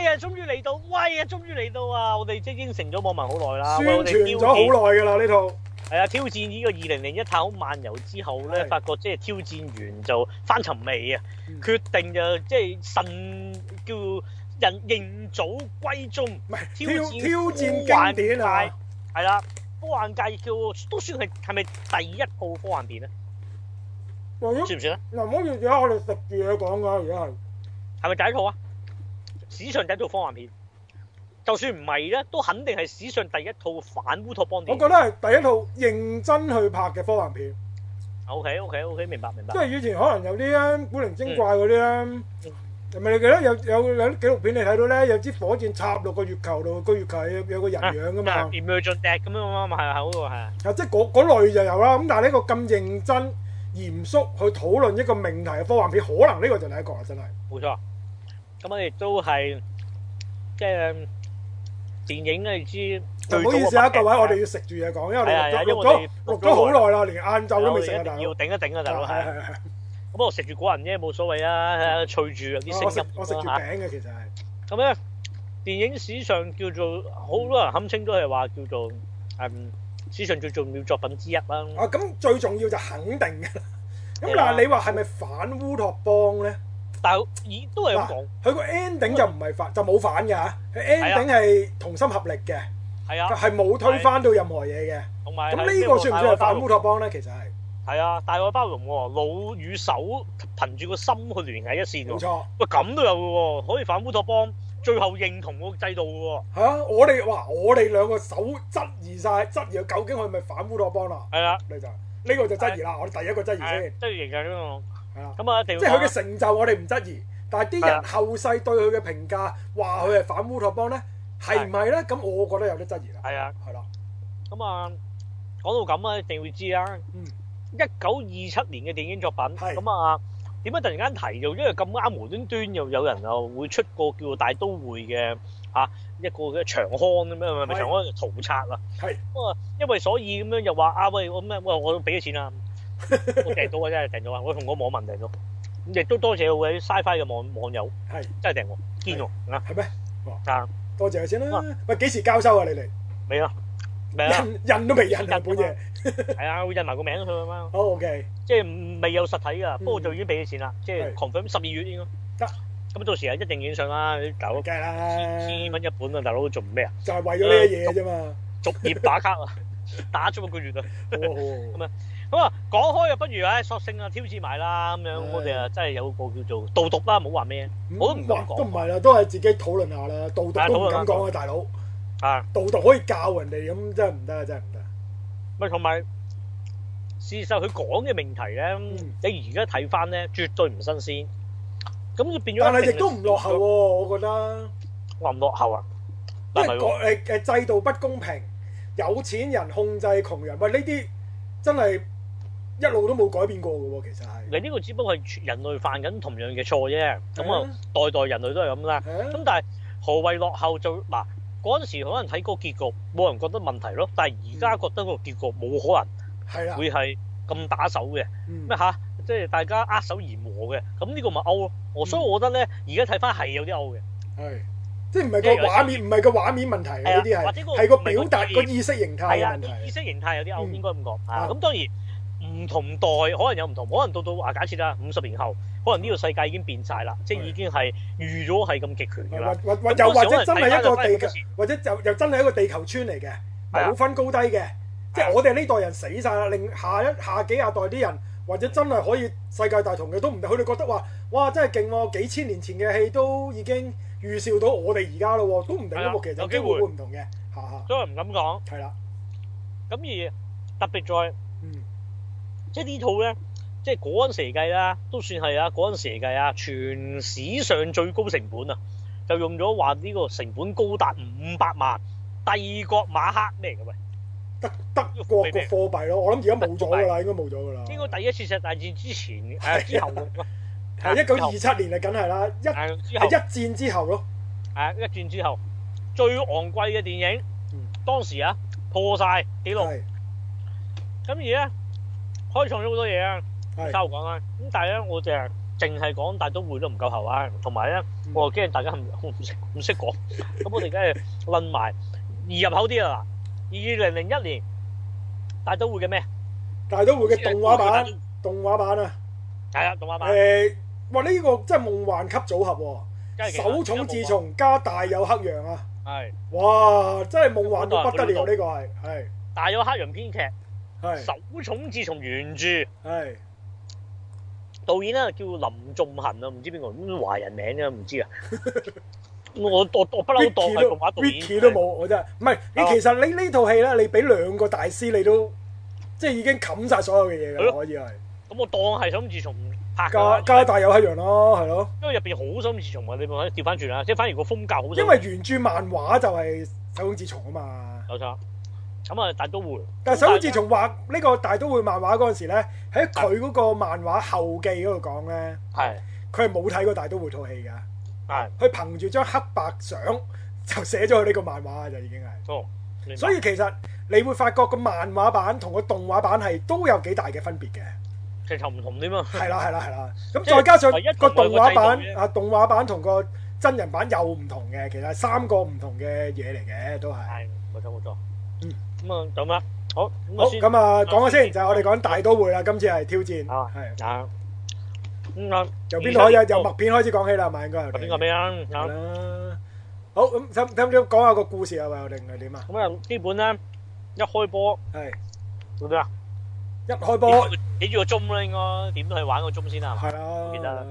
哎呀，終於嚟到！喂呀，終於嚟到啊！我哋即係應承咗網民好耐啦，宣傳咗好耐噶啦呢套。係啊，挑戰呢個二零零一太空漫遊之後咧，發覺即係挑戰完就返尋味啊，嗯、決定就即係神叫人認祖歸宗。挑戰挑，挑戰科幻片啊！係啦，科幻界叫都算係，係咪第一部科幻片啊？算唔算啊？嗱、哎呀，唔好意思我哋食住嘢講噶，而家係，係咪第一套啊？史上第一套科幻片，就算唔係咧，都肯定係史上第一套反烏托邦片。我覺得係第一套認真去拍嘅科幻片。OK OK OK，明白明白。明白即係以前可能有啲古靈精怪嗰啲啦，係咪、嗯？你記得有有有啲紀錄片你睇到咧，有支火箭插落個月球度，個月球有有個人樣噶嘛。e m e r g e n c 係。啊，嘛啊啊啊即係嗰類就有啦。咁但係呢個咁認真嚴肅去討論一個命題嘅科幻片，可能呢個就係第一個啦，真係。冇錯。咁我哋都係即係電影咧，你知唔好意思啊，各位，我哋要食住嘢講，因為我哋因為我哋錄咗好耐啦，連晏晝都未食，一定要頂一頂啊，大佬係。咁我食住果仁啫，冇所謂啊，脆住啲聲音。我食住餅嘅，其實係。咁咧，電影史上叫做好多人堪稱都係話叫做，誒，史上最重要作品之一啦。啊，咁最重要就肯定嘅。咁嗱，你話係咪反烏托邦咧？但係，以都係咁講，佢個 ending 就唔係反，就冇反嘅。佢 ending 係同心合力嘅，係啊，係冇推翻到任何嘢嘅。同埋咁呢個算唔算係反烏托邦咧？其實係，係啊，大愛包容，腦與手憑住個心去聯繫一線，冇錯。喂，咁都有嘅喎，可以反烏托邦，最後認同個制度嘅喎。我哋哇，我哋兩個手質疑晒，質疑究竟佢係咪反烏托邦啊？係啊，你就呢個就質疑啦。我哋第一個質疑先，質疑嘅呢個。咁啊，定即係佢嘅成就，我哋唔質疑，但係啲人後世對佢嘅評價話佢係反烏托邦咧，係唔係咧？咁我覺得有啲質疑啦。係啊，係啦。咁啊，講到咁啊，一定會知啦。嗯，一九二七年嘅電影作品，咁啊，點解突然間提到？因為咁啱無端端又有人又會出個叫《大都會》嘅啊一個嘅長康咁樣係咪長康圖冊啊？係。咁啊，因為所以咁樣又話啊喂，我咩？我我俾咗錢啊！我訂到啊，真係訂咗啊！我同我網民訂咗，亦都多謝我喺 Sci-Fi 嘅網網友，係真係訂喎，堅喎，啊係咩？多謝佢先啦。喂，幾時交收啊？你嚟未啊？未啊？印都未印日本嘢，係啊，會印埋個名佢啊嘛。OK，即係未有實體啊，不過就已經俾咗錢啦，即係狂放十二月應該得。咁到時啊，一定影相啦，大佬。唔該啦。千蚊一本啊，大佬做咩啊？就係為咗呢啲嘢啫嘛，逐頁打卡啊，打足一個月啊。哦。咁啊。咁啊，講開啊，不如唉、哎、索性啊挑戰埋啦咁樣，Yeah. 我哋啊真係有個叫做導讀啦，冇話咩，嗯、我都唔敢講。都唔係啦，都係自己討論下啦，導讀、啊、都唔敢、啊、大佬啊，導讀可以教人哋咁真係唔得啊，真係唔得。乜同埋事實佢講嘅命題咧，嗯、你而家睇翻咧，絕對唔新鮮。咁變咗，但係亦都唔落後喎、啊，我覺得話唔落後啊，因為個制度不公平，有錢人控制窮人，喂呢啲真係。真一路都冇改變過嘅喎，其實係你呢個只不過係人類犯緊同樣嘅錯啫。咁啊，代代人類都係咁啦。咁但係何謂落後就嗱，嗰陣時可能睇個結局冇人覺得問題咯。但係而家覺得個結局冇可能係啊，會係咁打手嘅咩嚇？即係大家握手言和嘅。咁呢個咪歐咯。我所以我覺得咧，而家睇翻係有啲歐嘅。係即係唔係個畫面？唔係個畫面問題啊！呢啲係係個表達個意識形態問題。意識形態有啲歐，應該咁講。咁當然。唔同代可能有唔同，可能到到話，假設啦，五十年後，可能呢個世界已經變晒啦，即係已經係預咗係咁極權㗎啦。又或者真係一個地球，或者又又真係一個地球村嚟嘅，冇分高低嘅。即係我哋呢代人死晒啦，令下一下幾廿代啲人，或者真係可以世界大同嘅，都唔定。佢哋覺得話，哇，真係勁喎！幾千年前嘅戲都已經預兆到我哋而家啦，都唔定。其實有機會唔同嘅，下下。所以唔敢講。係啦。咁而特別在。即係呢套咧，即係嗰陣時計啦、啊，都算係啊。嗰陣時計啊，全史上最高成本啊，就用咗話呢個成本高達五百萬帝國馬克咩嚟嘅喂？德德國個貨幣咯。麼我諗而家冇咗㗎啦，應該冇咗㗎啦。應該第一次世界大戰之前嘅之後，一九二七年啊，梗係啦，一係一戰之後咯，係、啊、一戰之後最昂貴嘅電影，嗯、當時啊破晒紀錄。咁而咧。是開創咗好多嘢啊！交我講啦，咁但係咧，我淨係淨係講大都會都唔夠喉啊，同埋咧，我又驚大家唔唔識講，咁 我哋梗係揾埋易入口啲啊！嗱，二零零一年大都會嘅咩？大都會嘅動畫版，動畫版啊，係啊，動畫版。誒、欸，哇！呢、這個真係夢幻級組合喎、啊，手塚治虫加大友克洋啊！係的，哇！真係夢幻到不得了呢、啊這個係，係大友克洋編劇。手塚是治虫原著，是導演啊叫林仲恒啊，唔知邊個華人名啊，唔知啊。 我我我不嬲，當係動畫導演都冇，我真係唔係。吧你其實你戲呢套戲咧，你俾兩個大師，你都即係已經冚晒所有嘅嘢嘅，可吧以係。咁我當係手塚治虫拍，加加大有係一樣咯、啊，係咯。因為入邊好手塚治虫啊，你唔好掉翻轉啦，即、就、係、是、反而個風格好。因為原著漫畫就係手塚治虫啊嘛，冇錯。咁啊大都會大，但係想自從畫呢個大都會漫畫嗰陣時咧，喺佢嗰個漫畫後記嗰度講咧，係佢係冇睇過大都會套戲嘅，係佢的憑住張黑白相就寫咗佢呢個漫畫就已，已經係哦，所以其實你會發覺個漫畫版，畫版同 個動畫版係都有幾大嘅分別嘅，其實唔同啲嘛，係啦係啦係啦，咁再加上一個動畫版啊動畫版同個真人版又唔同嘅，其實係三個唔同嘅嘢嚟嘅都係，好多好多，冇錯冇錯冇錯嗯。咁啊，咁啦，好，好，咁啊，講下先，就係我哋講大都會啦，今次係挑戰，係，啊，咁啊，由邊度開始？由默片開始講起啦，係嘛，應該，默片個咩啊？係啦，好，咁，聽唔聽到？講下個故事啊，定係點啊？咁啊，基本啦，一開波，係，咁樣，一開波，睇住個鐘啦，應該，點都係玩個鐘先啊，係啦，得啦，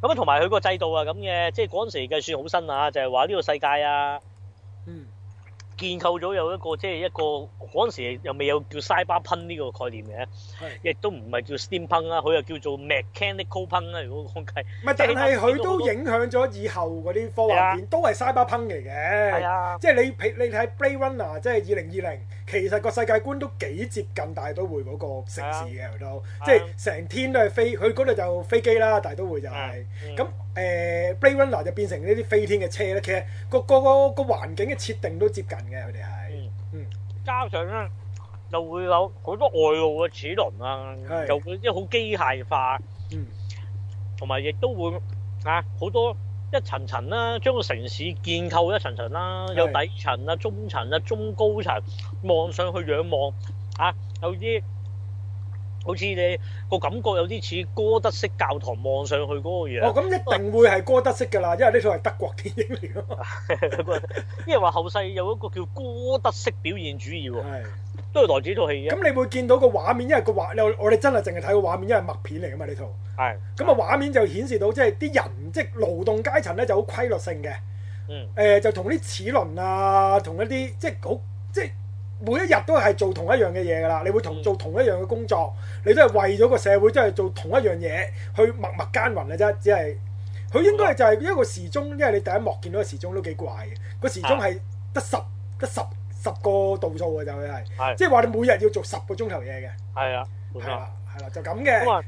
咁，咁啊，同埋佢個制度啊，咁嘅，即係嗰陣時計算好新啊，就係話呢個世界啊。建構咗有一個即係一個嗰陣時又未有叫 Cyberpunk 呢個概念嘅，亦都唔係叫 Steampunk 啦，佢又叫做 Mechanicalpunk 啦。如果講計，唔係是，但係佢都影響咗以後嗰啲科幻片，的都係 Cyberpunk 嚟嘅的。係啊，即係你皮你睇 Blade Runner，即係二零二零。其實個世界觀都幾接近大都會嗰個城市嘅、啊、都，即係成天都係飛，佢嗰度就飛機啦，大都會就係咁誒。Blade Runner 就變成呢啲飛天嘅車咧，其實各個個個個環境嘅設定都接近嘅，佢哋係嗯。嗯加上咧，就會有好多外露嘅齒輪啊，嗯、就會即係好機械化，嗯，同埋亦都會啊好多。一層層啦，將個城市建構一層層啦，的有底層啊、中層啊、中高層，望上去仰望啊，有啲好似你、個感覺有啲似哥德式教堂望上去嗰個樣。哦，咁一定會係哥德式噶啦，因為呢套係德國建築嚟嘅，因為話為 後世有一個叫哥德式表現主義喎。都係來自呢套戲嘅。咁你會見到個畫面，因為個畫，我哋真係淨係睇個畫面，因為默片嚟嘅嘛呢套。係的。咁啊，畫面就顯示到即係啲人，即、就、係、是、勞動階層咧就好規律性嘅。嗯。誒、呃，就同啲齒輪啊，同一啲即係好，即、就、係、是就是、每一日都係做同一樣嘅嘢㗎啦。你會同、嗯、做同一樣嘅工作，你都係為咗個社會，都、就、係、是、做同一樣嘢去默默耕耘嘅啫。只係佢應該係就係、是、一、嗯、個時鐘，因為你第一幕見到時、那個時鐘都幾怪嘅。個時鐘係得十，得十。十個度數嘅就係，即係話你每日要做十個鐘頭嘢嘅。係啊，係啦，係啦，就咁嘅。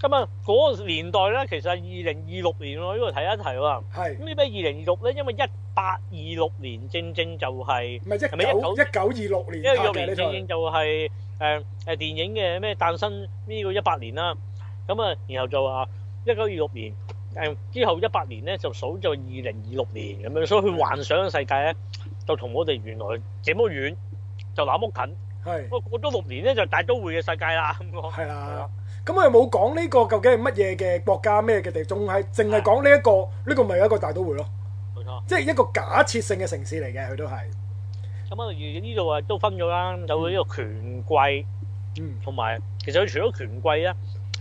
咁啊，嗰個年代咧，其實二零二六年喎，這個、看看的呢度提一提喎。係。咁點解二零二六咧？因為一八二六年正正就係、係，係咪一九一九二六年？一九二六年正正就係誒誒電影嘅咩誕生呢個一百年啦。咁啊，然後就話一九二六年，誒、呃、之後一八年咧就數咗二零二六年咁樣，所以佢幻想世界咧。就同我哋原來這麼遠，就那麼近。係、啊，過多六年咧就是、大都會嘅世界啦。咁、啊啊、我係啦。咁我冇講呢個究竟係乜嘢嘅國家咩嘅地，仲係淨係講呢一個呢、啊、個咪有一個大都會咯。冇錯，即係一個假設性嘅城市嚟嘅，佢都係。咁啊、嗯，而呢度啊都分咗啦，有呢個權貴，嗯，同埋其實佢除咗權貴咧，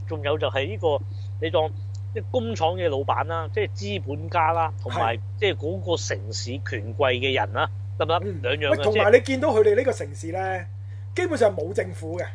仲有就係呢、呢個你當。即係工廠嘅老闆啦、啊，即係資本家啦、啊，同埋即係嗰個城市權貴嘅人啦、啊，得唔得？兩樣同埋、嗯、你見到佢哋呢個城市咧，基本上冇政府嘅，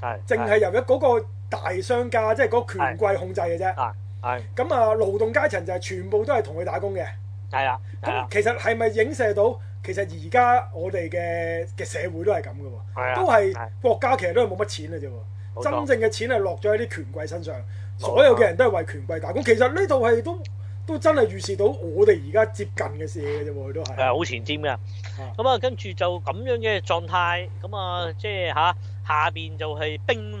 係淨係由一個大商家，即係嗰個權貴控制嘅啫。係咁啊，勞動階層就係全部都係同佢打工嘅。係啊，咁其實係咪影射到，其實而家我哋嘅嘅社會都係咁噶？喎的，都係國家其實都係冇乜錢嘅啫，的錯真正嘅錢係落咗喺啲權貴身上。所有嘅人都係為權貴打工。咁其實呢套戲都都真係預示到我哋而家接近嘅事嘅啫喎，佢都係。係好、啊、前瞻嘅。咁啊，跟住、嗯、就咁樣嘅狀態，咁、嗯、啊，即係嚇下邊就係冰冷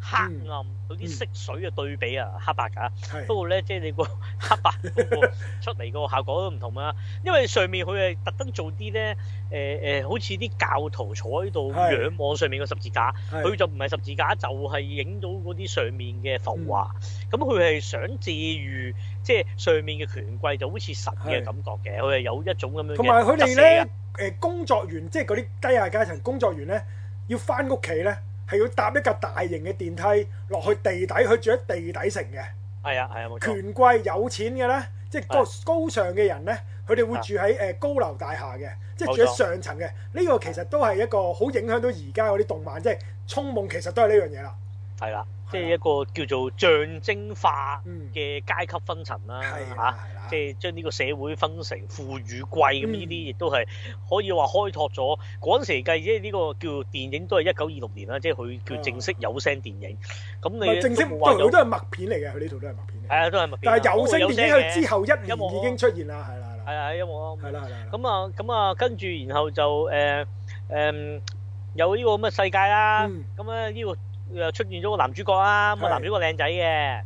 黑暗。嗯有啲、嗯、色水嘅對比啊，黑白㗎。不過咧，即係你個黑白個出嚟個效果都唔同啊。 因為上面佢係特登做啲咧，誒、呃、誒、呃，好似啲教徒坐喺度仰望上面個十字架，佢的就唔係十字架，的就係影到嗰啲上面嘅浮華。咁佢係想治癒，即、就、係、是、上面嘅權貴就好似神嘅感覺嘅，佢係的有一種咁樣。同埋佢哋咧，誒工作完，即係嗰啲低下階層工作完咧，要返屋企咧。係要搭一架大型嘅電梯落去地底，去住喺地底城嘅。係啊係啊，哎、權貴有錢嘅咧，即係高高尚嘅人咧，佢哋、哎、呀會住喺誒高樓大廈嘅，哎、呀即係住喺上層嘅。呢、哎、呀個其實都係一個好影響到而家嗰啲動漫，哎、呀即係《銃夢》，其實都係呢樣嘢啦。係啦，即係一個叫做象徵化嘅階級分層啦，嚇，即係將呢個社會分成富與貴咁。呢啲亦都係可以話開拓咗嗰陣時計，即係呢個叫電影都係一九二六年啦，即係佢叫正式有聲電影。咁你正式都係默片嚟嘅，佢呢度都係默片。係啊，都係默片。但係有聲電影佢之後一年已經出現啦，係啦。係啊，一模啊。係啦，係啦。咁啊，咁啊，跟住然後就誒誒有呢個咁嘅世界啦。咁咧呢個。出現咗個男主角啊！個男主角靚仔嘅，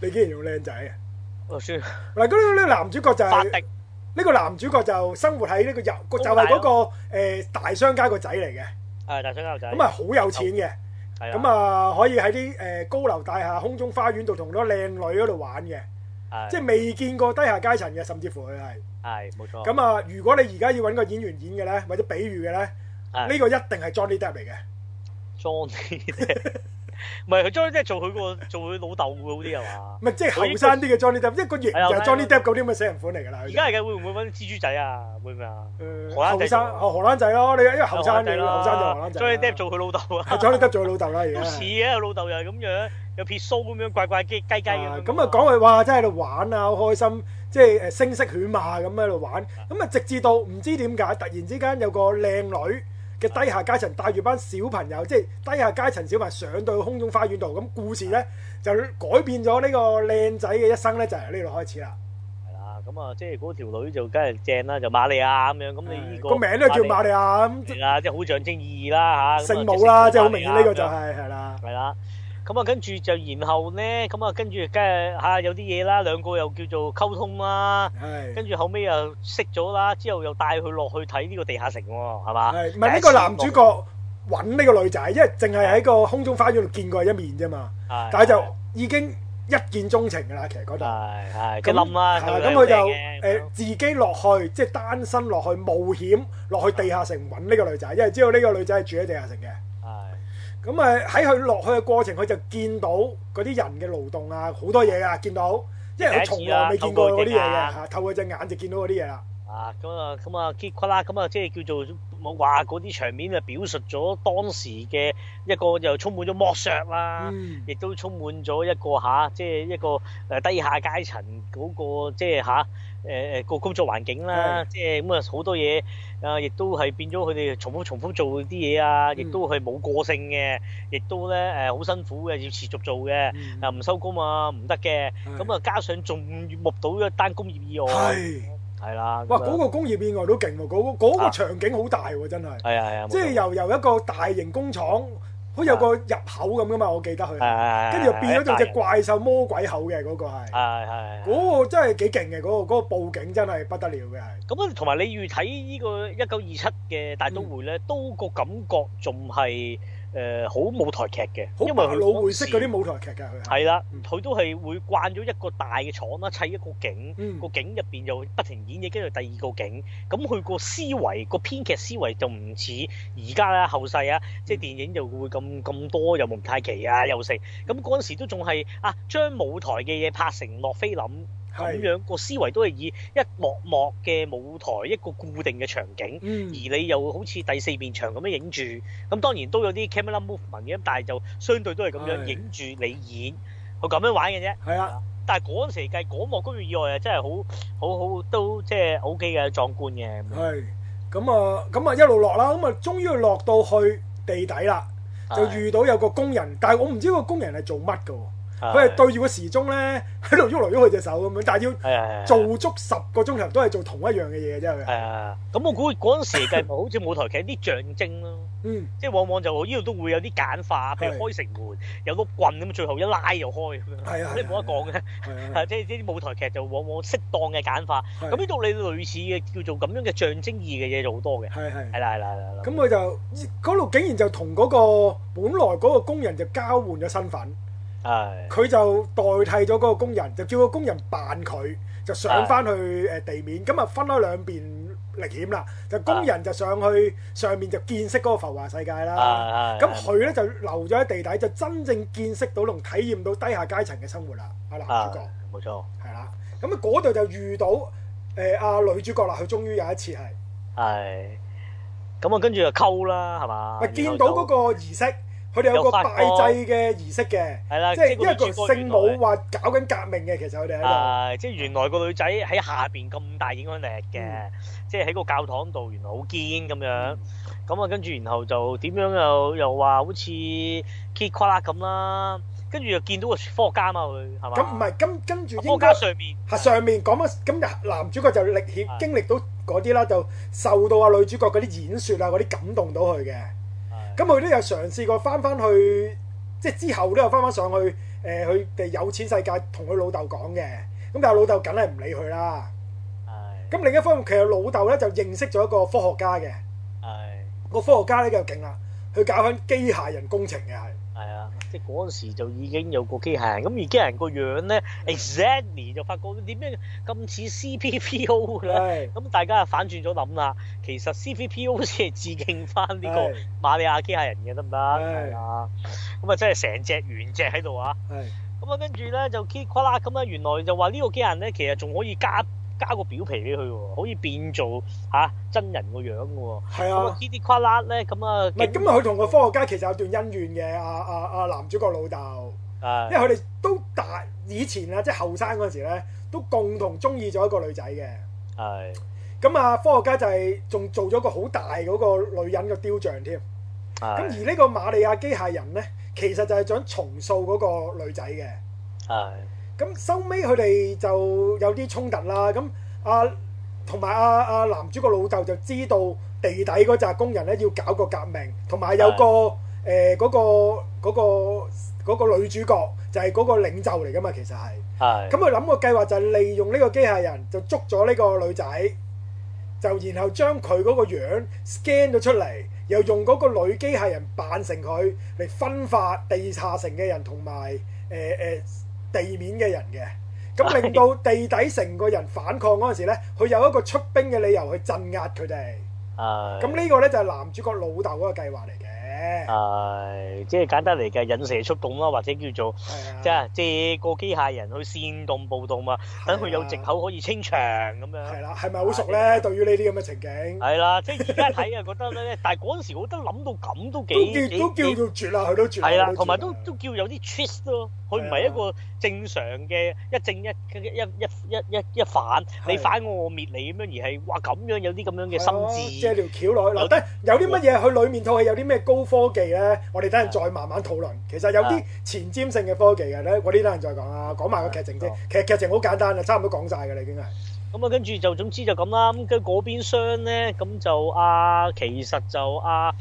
你竟然用靚仔啊？哦，算嗱，嗰啲男主角就係法迪，呢個男主角就生活喺呢個由就係嗰個大商家個仔嚟嘅，誒大商家個仔，咁啊好有錢嘅，咁啊可以喺啲誒高樓大廈空中花園度同多靚女嗰度玩嘅，即係未見過低下階層嘅，甚至乎佢係，係冇錯。咁啊，如果你而家要揾個演員演嘅咧，或者比喻嘅咧，呢個一定係 Johnny Depp 嚟嘅。Johnny Depp，唔係佢 Johnny Depp 做佢個，做佢老豆好啲係嘛？唔係即係後生啲嘅 Johnny Depp，一個月就 Johnny Depp，九啲咁嘅死人款嚟噶啦。而家係嘅會唔會搵蜘蛛仔啊？會唔會啊？後生荷蘭仔咯，你因為後生嘅後生就荷蘭仔。Johnny Depp 做佢老豆啊！Johnny Depp 做佢老豆啦，好似嘅老豆又係咁樣，有撇鬚咁樣怪怪雞雞嘅。咁啊，講佢話，真係度玩啊，好開心，即係誒，聲色犬馬咁喺度玩，咁啊，直至到唔知點解突然之間有個靚女。嘅低下階層帶住班小朋友，即係低下階層小朋友上到去空中花園度，咁故事咧就改變咗呢個靚仔嘅一生咧，就喺呢度開始啦。係啦，咁啊，即係嗰條女就梗係正啦，就瑪利亞咁樣。咁你呢、那個個、嗯、名都叫瑪利亞，係啦，即係好象徵意義啦嚇。聖母啦，母啦即係好明顯呢個就係係啦。係啦，係啦。咁啊，跟住就然後咧，咁啊，跟住梗係吓，有啲嘢啦，兩個又叫做溝通啦，跟住後尾又識咗啦，之後又帶佢落去睇呢個地下城喎，係嘛？係，唔係呢個男主角揾呢個女仔，因為淨係喺個空中花園度見過一面啫嘛，但係就已經一見鍾情㗎啦，其實嗰度係係咁諗啊，係咁佢就誒自己落去，即係單身落去冒險落去地下城揾呢個女仔，因為知道呢個女仔係住喺地下城嘅。咁誒喺佢落去嘅過程，佢就見到嗰啲人嘅勞動啊，好多嘢啊，見到，因為佢從來未見過嗰啲嘢嘅嚇，透過隻眼就見到嗰啲嘢啦。啊，咁、嗯、啊，咁啊，揭骨啦，咁、嗯、啊，即係叫做冇話嗰啲場面啊，表述咗當時嘅一個又充滿咗剝削啦，亦、嗯、都充滿咗一個嚇，即、啊、係、就是、一個誒低下階層嗰、那個即係嚇誒誒個工作環境啦，即係咁啊好多嘢啊，亦都係變咗佢哋重複重複做啲嘢啊，亦都係冇個性嘅，亦都咧誒好辛苦嘅，要持續做嘅，又唔收工啊，唔得嘅，咁啊的、嗯、加上仲目睹到一單工業意外。係啦，哇！嗰、那個工業變外都勁喎，嗰、那、嗰、個那個場景好大喎，真係。係啊係啊，哎、即係由由一個大型工廠，好似有個入口咁噶嘛，我記得佢。係跟住又變咗做隻怪獸魔鬼口嘅嗰、那個係。係係、啊。嗰、哎、個真係幾勁嘅，嗰、那個嗰佈景真係不得了嘅。咁啊，同、哎、埋、哎、你預睇呢個一九二七嘅大都會咧，都個感覺仲係。誒好、呃、舞台劇嘅，因為佢老會識嗰啲舞台劇㗎，佢係啦，佢的、嗯、都係會慣咗一個大嘅廠啦，砌一個景，個、嗯、景入邊又不停演嘢，跟住第二個景，咁佢個思維個編劇思維就唔似而家啦。後世啊，嗯、即係電影就會咁咁多又蒙太奇啊又剩，咁嗰陣時都仲係啊將舞台嘅嘢拍成洛菲林。咁樣是的 個思維都係以一幕幕嘅舞台，一個固定嘅場景，嗯、而你又好似第四面牆咁樣影住。咁當然都有啲 camera movement 嘅，但係就相對都係咁樣影住你演，我咁是的 樣玩嘅啫。係啊，但係嗰陣時計嗰幕高月以外啊，真係好好好都即係 OK 嘅壯觀嘅。係咁啊，咁啊一路落啦，咁啊終於落到去地底啦，就遇到有個工人，但係我唔知個工人係做乜㗎喎。佢係對住個時鐘咧，喺度喐嚟喐去隻手咁樣，但係要做足十個鐘頭都係做同一樣嘅嘢嘅啫。誒，咁我估嗰陣時嘅好似舞台劇啲象徵咯，即係往往就呢度都會有啲簡化，譬如開城門有碌棍咁，最後一拉又開咁樣，係啊，冇得講嘅，係啊，即係呢啲舞台劇就往往適當嘅簡化。咁呢度你類似嘅叫做咁樣嘅象徵意嘅嘢就好多嘅，係係，係啦係啦係啦。咁佢就嗰度竟然就同嗰個本來嗰個工人就交換咗身份。佢就代替咗嗰個工人，就叫個工人扮佢，就上翻去誒地面，咁啊分開兩邊歷險啦。就工人就上去上面就見識嗰個浮華世界啦。咁佢咧就留咗喺地底，就真正見識到同體驗到低下階層嘅生活啦。啊男主角，冇錯，係啦。咁啊嗰度就遇到誒啊女主角啦，佢終於有一次係係。咁我跟住就溝啦，係嘛？咪見到嗰個儀式。佢哋有個拜祭嘅儀式嘅，即係因為個聖母話搞緊革命嘅，其實佢哋喺度。誒，即係原來個女仔喺下邊咁大影響力嘅，即係喺個教堂度原來好堅咁樣。咁啊，跟住然後就點樣又又話好似 Kid Kula 咁啦。跟住又見到個科學家啊嘛，佢係嘛？咁唔係，咁跟住科學家上面係上面講乜？咁男主角就歷險經歷到嗰啲啦，就受到啊女主角嗰啲演説啊嗰啲感動到佢嘅。咁佢都有嘗試過翻翻去，即係之後都有翻翻上去，誒，佢哋有錢世界同佢老豆講嘅，咁但係老豆梗係唔理佢啦。咁的另一方面，其實老豆咧就認識咗一個科學家嘅，係的個科學家咧就勁啦，佢搞緊機械人工程嘅係。即嗰陣時就已經有個機械人，咁而機械人個樣咧、嗯、exactly 就發覺點解咁似 CPPO 咧？咁是大家啊反轉咗諗啦，其實 CPPO 先係致敬翻呢個馬利亞機械人嘅，得唔得？係是啊，咁啊真係成隻完整喺度啊！係是，咁啊跟住咧就 kit q 啦，咁啊原來就話呢個機械人咧，其實仲可以加。加個表皮俾佢喎，可以變做吓、啊、真人個樣嘅喎。係啊，呢裏垮甩咧，咁啊，唔係咁日佢同個科學家其實有段恩怨嘅。阿阿阿男主角老豆，的因為佢哋都大以前啊，即係後生嗰陣時咧，都共同中意咗一個女仔嘅。係的。咁啊，科學家就係仲做咗個好大嗰個女人嘅雕像添。係的。咁而呢個瑪麗亞機械人咧，其實就係想重塑嗰個女仔嘅。係。咁收尾佢哋就有啲衝突啦。咁阿同埋阿阿男主角老豆就知道地底嗰隻工人咧要搞個革命，同埋有個誒嗰個、呃嗰個、嗰個嗰個嗰個、女主角就係、係、嗰個領袖嚟㗎嘛，其實係。係。咁佢諗個計劃就係利用呢個機械人就捉咗呢個女仔，就然後將佢嗰個樣 scan 咗出嚟，又用嗰個女機械人扮成佢嚟分化地下城嘅人同埋誒誒。地面嘅人嘅，咁令到地底成個人反抗嗰陣時咧，佢有一個出兵嘅理由去鎮壓佢哋。咁呢個咧就係男主角老豆嗰個計劃嚟嘅。係即係簡單嚟嘅引蛇出洞啦，或者叫做即係借個機械人去煽動暴動啊，等佢有藉口可以清場咁樣。係啦，係咪好熟咧？對於呢啲咁嘅情景。係啦，即係而家睇啊，覺得咧，但係嗰陣時我覺得諗到咁都幾都叫做絕啦，佢都絕啦。同埋都都叫有啲 twist 咯。佢唔係一個正常嘅一正一一一一一一反，的你反我，我滅你咁樣，而係哇咁樣有啲咁樣嘅心智，即係條橋落去。嗱的，得有啲乜嘢？佢裏的面套戲有啲咩高科技咧？我哋等陣再慢慢討論。其實有啲前瞻性嘅科技嘅咧，我呢等陣再講啊，講埋個劇情先。劇劇情好簡單啊，差唔多講晒㗎啦已經係。咁啊、嗯，跟住就總之就咁啦。咁跟嗰邊廂咧，咁就啊，其實就啊。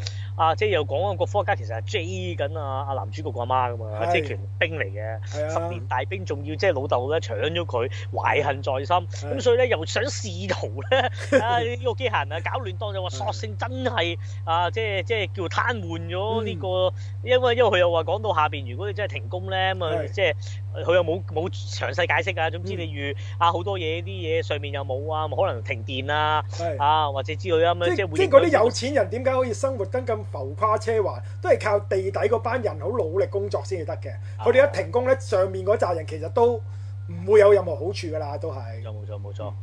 即係又講啊，個科學家其實係 J 緊啊啊男主角個阿媽㗎嘛，即係拳兵嚟嘅，十年大兵，仲要即係老豆咧搶咗佢，懷恨在心，咁所以咧又想試圖咧，呢個機械人啊搞亂當就話索性真係啊即係即係叫癱瘓咗呢個，因為因為佢又話講到下邊，如果你真係停工咧，咁啊即係佢又冇冇詳細解釋啊，總之你如啊好多嘢啲嘢上面又冇啊，可能停電啊，啊或者之類啊咁樣，即係會。啲有錢人點解可以生活得咁？浮誇奢華都係靠地底嗰班人好努力工作先至得嘅，佢哋、啊、一停工呢，上面嗰扎人其實都唔會有任何好處㗎啦，都係。有冇錯？冇錯。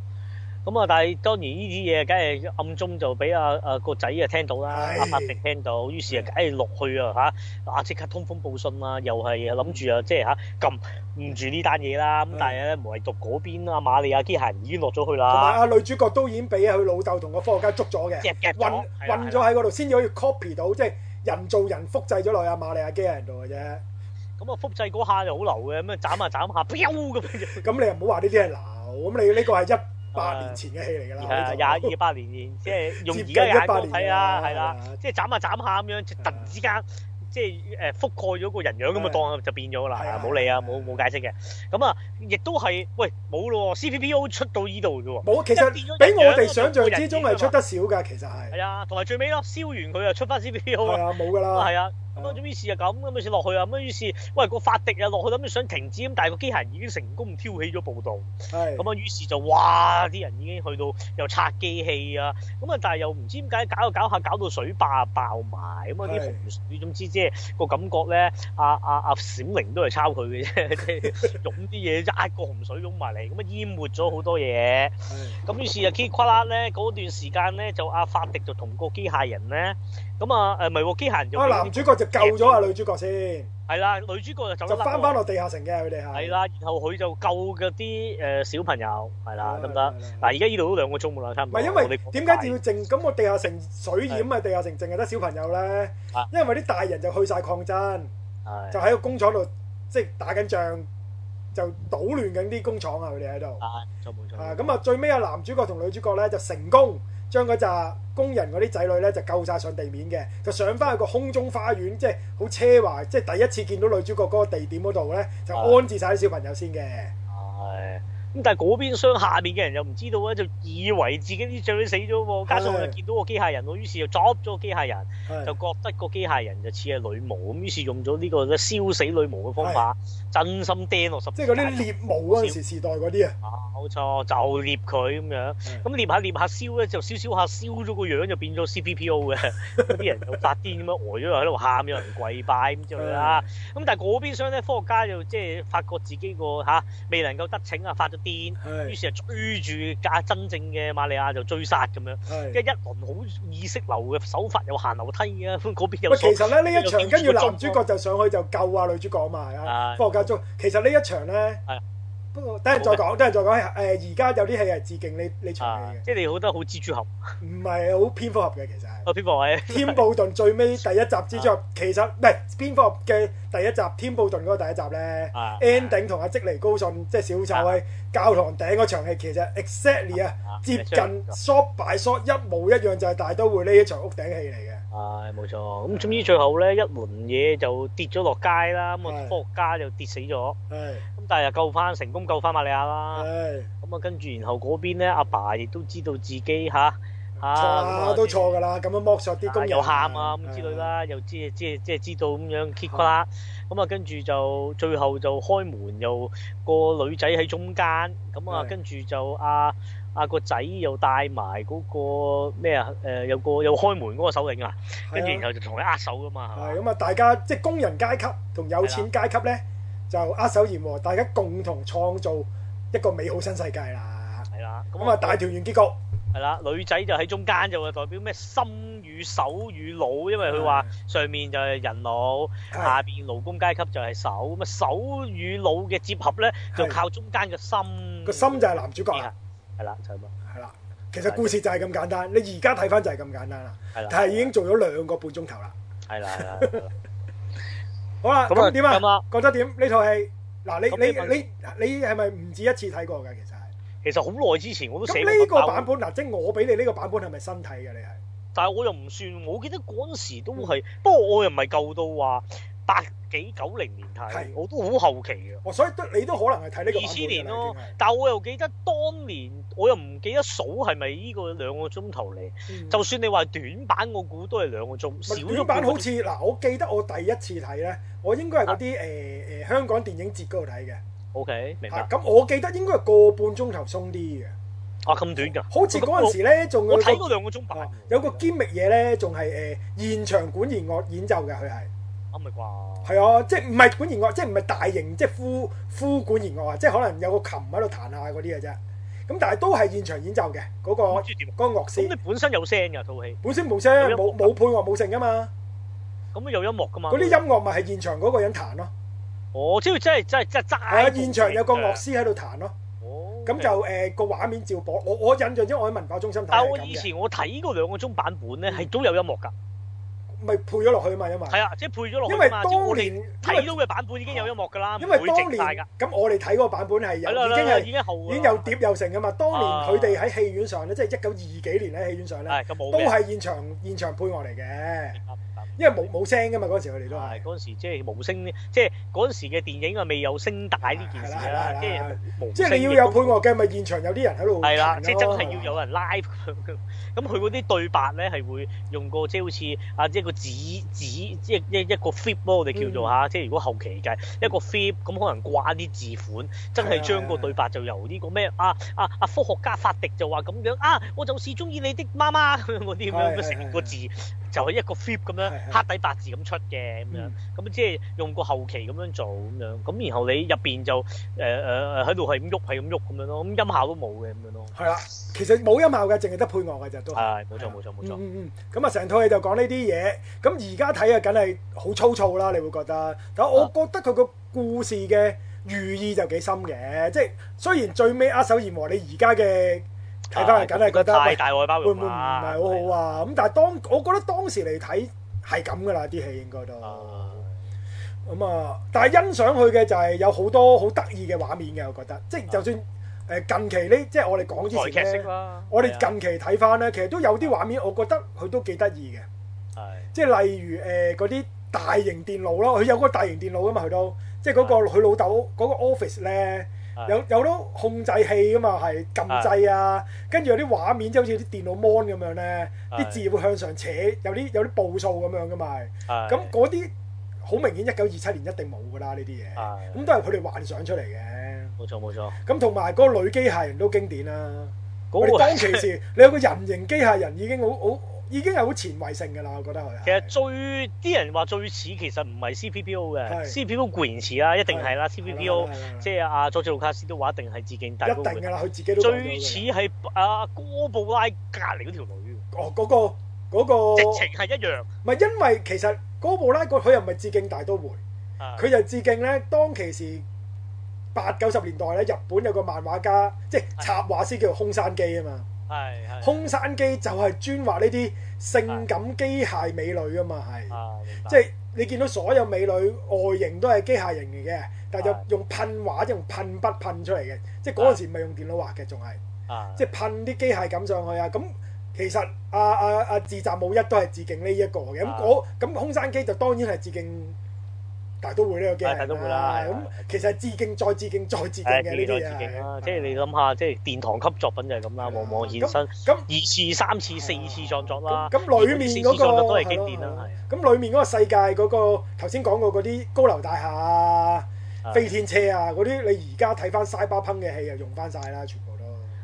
咁啊！但係當，當然呢啲嘢，梗係暗中就俾阿阿個仔啊聽到啦，阿帕迪聽到，於是啊，梗係落去啊吓，嗱即刻通風報信、就是啊、啦，又係諗住啊，即係吓，撳唔住呢單嘢啦。咁但係咧，唯獨嗰邊阿瑪莉亞機械人已經落咗去啦。同埋阿女主角都已經俾佢老豆同個科學家捉咗嘅，混了運咗喺嗰度，先至可以 copy 到，即係人造人複製咗落阿瑪莉亞機械人度嘅啫。咁啊、嗯，複製嗰下就好流嘅，咁樣斬下斬下，彪咁樣。咁 你又唔好話呢啲係流，咁你呢個係一 八年前嘅戲嚟㗎啦，係廿二八年前，即係用而家嘅眼光睇啊，係啦，即係斬下斬下咁樣，就突然之間即係誒覆蓋咗個人樣咁嘅檔就變咗啦，冇理啊，冇冇解釋嘅。咁啊，亦都係喂冇咯，C P P O 出到依度啫喎，冇其實比我哋想像之中係出得少㗎，其實係係啊，同埋最尾咯，燒完佢又出翻 C P O 係啊，冇㗎啦，係啊。咁於是就咁咁於是落去啊，咁啊於是，喂個法迪啊落去諗住想，想停止，咁但係個機械人已經成功挑起咗暴動，係咁啊，於是就哇啲人已經去到又拆機器啊，咁啊，但係又唔知點解搞下搞下搞，搞到水壩爆埋，咁啊啲洪水總之即、就、係、是啊啊、 個感覺咧，阿阿阿閃靈都係抄佢嘅啫，湧啲嘢一係個洪水湧埋嚟，咁啊淹沒咗好多嘢，咁是的 於是啊基克拉咧嗰段時間咧就阿、啊、法迪就同個機械人咧。咁啊，誒，唔係喎，機械人做。啊，男主角就救咗啊，女主角先。係啦，女主角就走啦。就翻翻落地下城嘅佢哋係。係啦，然後佢就救嗰啲誒小朋友，係啦，得唔得？嗱，而家呢度都兩個鐘啦，差唔多。唔係因為點解要淨？咁個地下城水淹啊，地下城淨係得小朋友咧。啊。因為啲大人就去晒抗爭。係。就喺個工廠度即係打緊仗，就搗亂緊啲工廠啊！佢哋喺度。啊，做冇錯。啊，咁啊，最尾啊，男主角同女主角咧就成功。將嗰紮工人嗰啲仔女呢，就救晒上地面嘅，就上翻去個空中花園，即係好奢華，即係第一次見到女主角嗰個地點嗰度呢，就安置晒啲小朋友先嘅。咁但係嗰邊箱下面嘅人又唔知道啊，就以為自己啲仔女死咗喎，加上我又見到個機械人喎，於是就捉咗個機械人，就，械人的就覺得個機械人就似係女巫咁，於是用咗呢個燒死女巫嘅方法，的真心釘落十，即係啲獵巫嗰陣時時代嗰啲啊，冇錯就獵佢咁樣，咁獵的下獵下燒咧就燒燒下燒咗個樣就變咗 C P P O 嘅，啲 人就發癲咁樣呆咗喺度喊，有人跪拜咁之類啦，咁但係嗰邊箱咧科學家就即係發覺自己個嚇、啊、未能夠得逞啊，發癲，於是就追住架真正嘅瑪麗亞就追殺咁樣，即係一輪好意識流嘅手法，又行樓梯啊，嗰邊又。其實咧，呢一場跟住男主角就上去就救啊女主角啊嘛，科學家中其實呢一場咧。不過等陣再講，等陣再講。誒，而家有啲戲係致敬呢呢場戲嘅，即係你好得覺得好蜘蛛俠，唔係好蝙蝠俠嘅其實。蝙蝠俠。天布頓最尾第一集蜘蛛俠，其實唔係蝙蝠俠嘅第一集。天布頓嗰個第一集咧，ending 同阿積尼高遜即係小丑喺教堂頂嗰場戲，其實 exactly 啊，接近 shot by shot 一模一樣就係大都會呢一場屋頂戲嚟嘅。係冇錯。咁終於最後咧一門嘢就跌咗落街啦，咁啊科學家就跌死咗。係。但係救翻成功救翻瑪利亞啦，咁啊跟住然後嗰邊咧阿爸亦都知道自己嚇，錯啦都錯噶啦，咁樣剝削啲工人，又喊啊咁之類啦，又知知知知道咁樣揭骨啦，咁啊跟住就最後就開門又個女仔喺中間，咁啊跟住就阿阿個仔又帶埋嗰個咩啊誒有個又開門嗰個首領啊，跟住然後就同佢握手噶嘛，係咁啊大家即係工人階級同有錢階級咧。就握手言和，大家共同創造一個美好新世界啦。係啦，咁啊大團圓結局。係啦，女仔就喺中間就會，代表咩心與手與腦，因為佢話上面就係人腦，的下邊勞工階級就係手，咁啊手與腦嘅結合咧，就靠中間嘅心。個心就係男主角。係啦，就係噉。係啦，其實故事就係咁簡單，你而家睇翻就係咁簡單啦。係啦的，但係已經做咗兩個半鐘頭啦。係啦。 好啦，咁點、嗯、啊？嗯、覺得點呢套戲？嗱、啊，你、嗯、你你你係咪唔止一次睇過嘅？其實係，其實好耐之前我都寫過。咁呢個版本嗱，嗯、即係我俾你呢個版本係咪新睇嘅？你係？但係我又唔算，我記得嗰陣時都係，嗯、不過我又唔係舊到話。八幾九零年睇，係我都好後期嘅，我所以都你都可能係睇呢個二千年咯。但係我又記得當年，我又唔記得數係咪呢個兩個鐘頭嚟。就算你話短版，我估都係兩個鐘，少咗半個鐘。好似嗱，我記得我第一次睇咧，我應該係嗰啲誒誒香港電影節嗰度睇嘅。O K，明白。咁我記得應該係個半鐘頭鬆啲嘅。啊咁短㗎？好似嗰陣時咧，仲我睇過兩個鐘版，有個 gimmick 嘢咧，仲係誒現場管弦樂演奏嘅，佢係。啱啩？係啊，啊，即係唔係管弦樂，即係唔係大型，即係副副管弦樂啊！即係可能有個琴喺度彈下嗰啲嘅啫。咁但係都係現場演奏嘅嗰、那個。中意樂師。咁你本身有聲噶套戲？戲本身冇聲，冇冇配樂冇剩噶嘛。咁有音樂噶麼嘛？嗰啲音樂咪係現場嗰個人彈咯。哦，即係即係即係即係。係啊，現場有個樂師喺度彈咯。哦。咁、okay. 就誒個畫面照播。我我印象中我喺文化中心睇。但係我以前我睇嗰兩個鐘版本咧，係、嗯、都有音樂噶。咪配咗落去啊嘛，因為係啊，即係配咗落去啊嘛。因為當年睇到嘅版本已經有音樂噶啦，因為當年咁我哋睇嗰個版本係已經有已經厚嘅，又成噶嘛。當年佢哋喺戲院上咧，啊、即係一九二幾年喺戲院上咧，啊、都係現場現場配樂嚟嘅。因為冇冇聲噶嘛，嗰時佢哋都係嗰時即係無聲即係嗰時嘅電影啊，未有聲帶呢件事啦。即係無聲即係你要有配樂嘅，咪現場有啲人喺度。係啦，即係真係要有人 live。咁佢嗰啲對白咧係會用個即係好似啊，即係個字字即係一一個 flip 咯，我哋叫做吓。即係如果後期計一個 flip，咁可能掛啲字款，真係將個對白就由呢個咩啊啊啊科學家法迪就話咁樣啊，我就是中意你的媽媽嗰啲咁樣，成個字就係一個 flip 咁樣。黑底白字咁出嘅咁、嗯、樣，咁即係用個後期咁樣做咁樣，咁然後你入邊就誒誒喺度係咁喐，係咁喐咁樣咯，咁音效都冇嘅咁樣咯。係啦，其實冇音效嘅，淨係得配樂嘅就都係。冇錯冇錯冇錯。的嗯嗯咁啊成套戲就講呢啲嘢，咁而家睇啊梗係好粗糙啦，你會覺得。但我覺得佢個故事嘅寓意就幾深嘅，即係雖然最尾握手言和你，你而家嘅睇翻嚟梗係覺得太大愛包圍啦，會唔會唔係好好啊？咁的但係當我覺得當時嚟睇。係咁噶啦，啲戲應該都咁啊！嗯、但係欣賞佢嘅就係有好多好得意嘅畫面嘅，我覺得。即係就算誒近期呢，即係我哋講之前咧，我哋近期睇翻咧，的其實都有啲畫面，我覺得佢都幾得意嘅。係的。即係例如誒嗰啲大型電腦囉，佢有個大型電腦啊嘛，佢都即係、那、嗰個佢的老豆嗰個 office 咧。有有好多控制器噶嘛，係撳掣啊，跟住的有啲畫面即好似啲電腦 mon 咁樣咧，啲的字會向上扯，有啲有啲步數咁樣噶嘛，咁嗰啲好明顯一九二七年一定冇噶啦呢啲嘢，咁的都係佢哋幻想出嚟嘅。冇錯冇錯，咁同埋嗰個女機械人都經典啦、啊。當其時， 你有個人形機械人已經好好。已經係好前衛性㗎啦，我覺得係。其實最啲人話最似其實唔係 CPO 嘅，CPO 固然似啦、啊，一定係啦，CPO 即係、啊、阿佐治魯卡斯都話，一定係致敬大都會，一定㗎啦，佢自己都最似係阿、啊、哥布拉隔離嗰條女。哦，嗰、嗰個直情係一樣。唔係因為其實哥布拉佢又唔係致敬大都會，佢的就致敬咧當其時八九十年代咧日本有個漫畫家，即係插畫師叫做空山基啊嘛。係，空山機就係專畫呢啲性感機械美女嘛，啊嘛，係，即係你見到所有美女外形都係機械人嚟嘅，但係就用噴畫即、啊、用噴筆噴出嚟嘅，啊、即係嗰陣時唔係用電腦畫嘅，仲係、啊，即係噴啲機械感上去啊！咁其實阿阿阿自習武一都係致敬呢一個嘅，咁咁、啊、空山機就當然係致敬。大都會呢個驚，大都會啦。咁，是啊、其實係致敬再致敬再致敬嘅呢敬啊，是啊，即想想。即係你諗下，即係殿堂級作品就係咁啦，是啊、往往現身。咁二次、三次、四次創作啦。咁裏面嗰個都係經典啦。係。咁裏面嗰個世界嗰、嗰個頭先講過嗰啲高樓大廈啊、飛天車啊嗰啲，啊啊對 你而家睇翻 cyberpunk 嘅戲又用翻晒啦，全部都。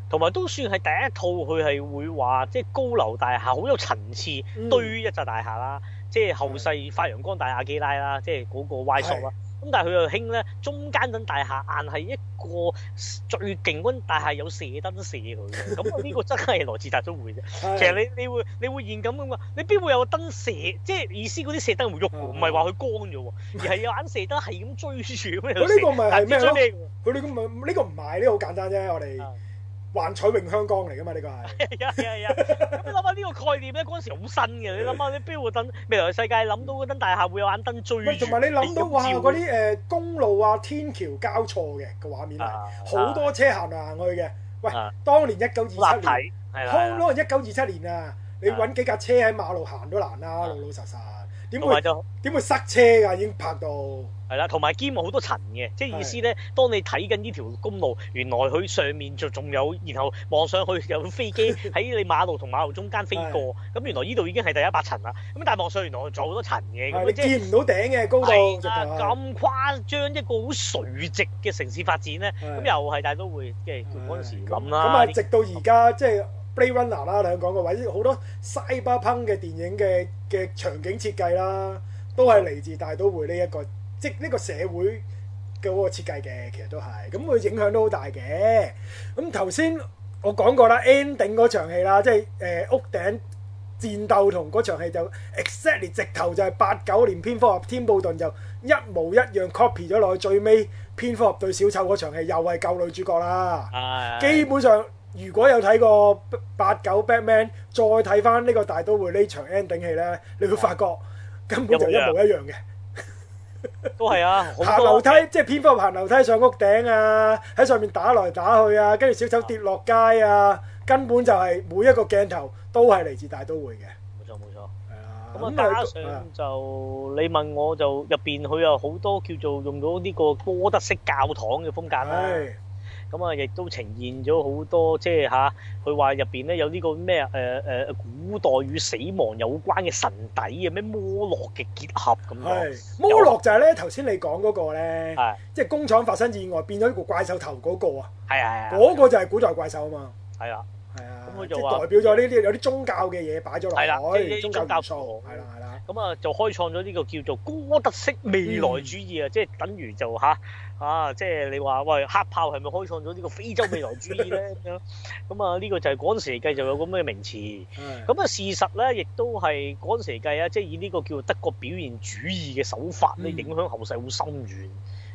同埋都算係第一套，佢係會話即係高樓大廈，好有層次，堆一座大廈啦、啊。嗯即係後世發揚光大阿基拉啦，即係嗰個歪索啦。咁的但係佢又興咧，中間等大廈硬係一個最勁嗰啲大廈有射燈射佢。咁呢 個真係來自大都會啫。的其實你你會你會現咁噶，你邊會有燈射？即係意思嗰啲射燈會喐，唔係話佢光咗喎，而係有眼射燈係咁追住。佢呢 個咪係咩？佢呢個唔係呢個唔係呢個好簡單啫，我哋。幻彩詠香江嚟噶嘛？呢個係，係係係。咁你諗下呢個概念咧，嗰陣時好新嘅。想想你諗下，你邊個等未來世界諗到嗰燈大廈會有燈追住，同埋你諗到話，嗰啲誒公路啊、天橋交錯嘅個畫面係好、啊、多車行嚟行去嘅。啊、喂，當年一九二七年，係啦，一九二七年啊，你揾幾架車喺馬路行都難啦，老、啊、老實實。點會點會塞車噶？已經拍到係啦，同埋兼冇好多層嘅，即係意思咧。當你睇緊呢條公路，原來佢上面仲仲有，然後望上去有飛機喺你馬路同馬路中間飛過。咁原來呢度已經係第一百層啦。咁但係望上，原來仲有好多層嘅。咁你係見唔到頂嘅高度。咁誇張一個好垂直嘅城市發展咧，咁又係，大都會即係嗰陣時諗啦。咁啊，直到而家即係。Blade Runner 啦，你講個位，好多 cyberpunk 嘅電影嘅嘅場景設計啦，都係嚟自大都會呢一個，即係呢個社會嘅個設計嘅，其實都係，咁佢影響都好大嘅。咁頭先我講過啦，ending 嗰場戲啦，即係誒屋頂戰鬥同嗰場戲就 exactly 直頭就係八九年蝙蝠俠添布頓就一模一樣 copy 咗落去，最尾蝙蝠俠對小丑嗰場戲又係救女主角啦，基本上。如果有睇過八九 Batman，再睇翻呢個大都會呢場 ending 戲呢，你會發覺根本就一模一樣嘅， 都係啊！爬樓梯，即係蝙蝠爬樓梯上屋頂啊，喺上面打來打去啊，跟住小丑跌落街啊，根本就係每一個鏡頭都係嚟自大都會嘅。冇錯冇錯，係啊。咁啊加就你問我就入邊佢有好多叫做用到呢個波德式教堂嘅風格啦、啊。咁啊，亦都呈現咗好多，即係吓，佢話入邊咧有呢個咩誒誒古代與死亡有關嘅神祇啊，咩摩洛嘅結合咁。係摩洛就係咧頭先你講嗰個咧，即係工廠發生意外變咗一個怪獸頭嗰個啊。係係係。嗰個就係古代怪獸啊嘛。係啦，係啊，即係代表咗呢啲有啲宗教嘅嘢擺咗落去，宗教元素係啦。咁啊，就開創咗呢個叫做哥特式未來主義啊，嗯、即係等於就嚇啊，啊，即係你話喂黑豹係咪開創咗呢個非洲未來主義咧咁樣？咁啊，呢個就係嗰陣時計就有咁嘅名詞。咁啊、嗯，事實咧亦都係嗰陣時計啊，即係以呢個叫德國表現主義嘅手法咧，影響後世好深遠。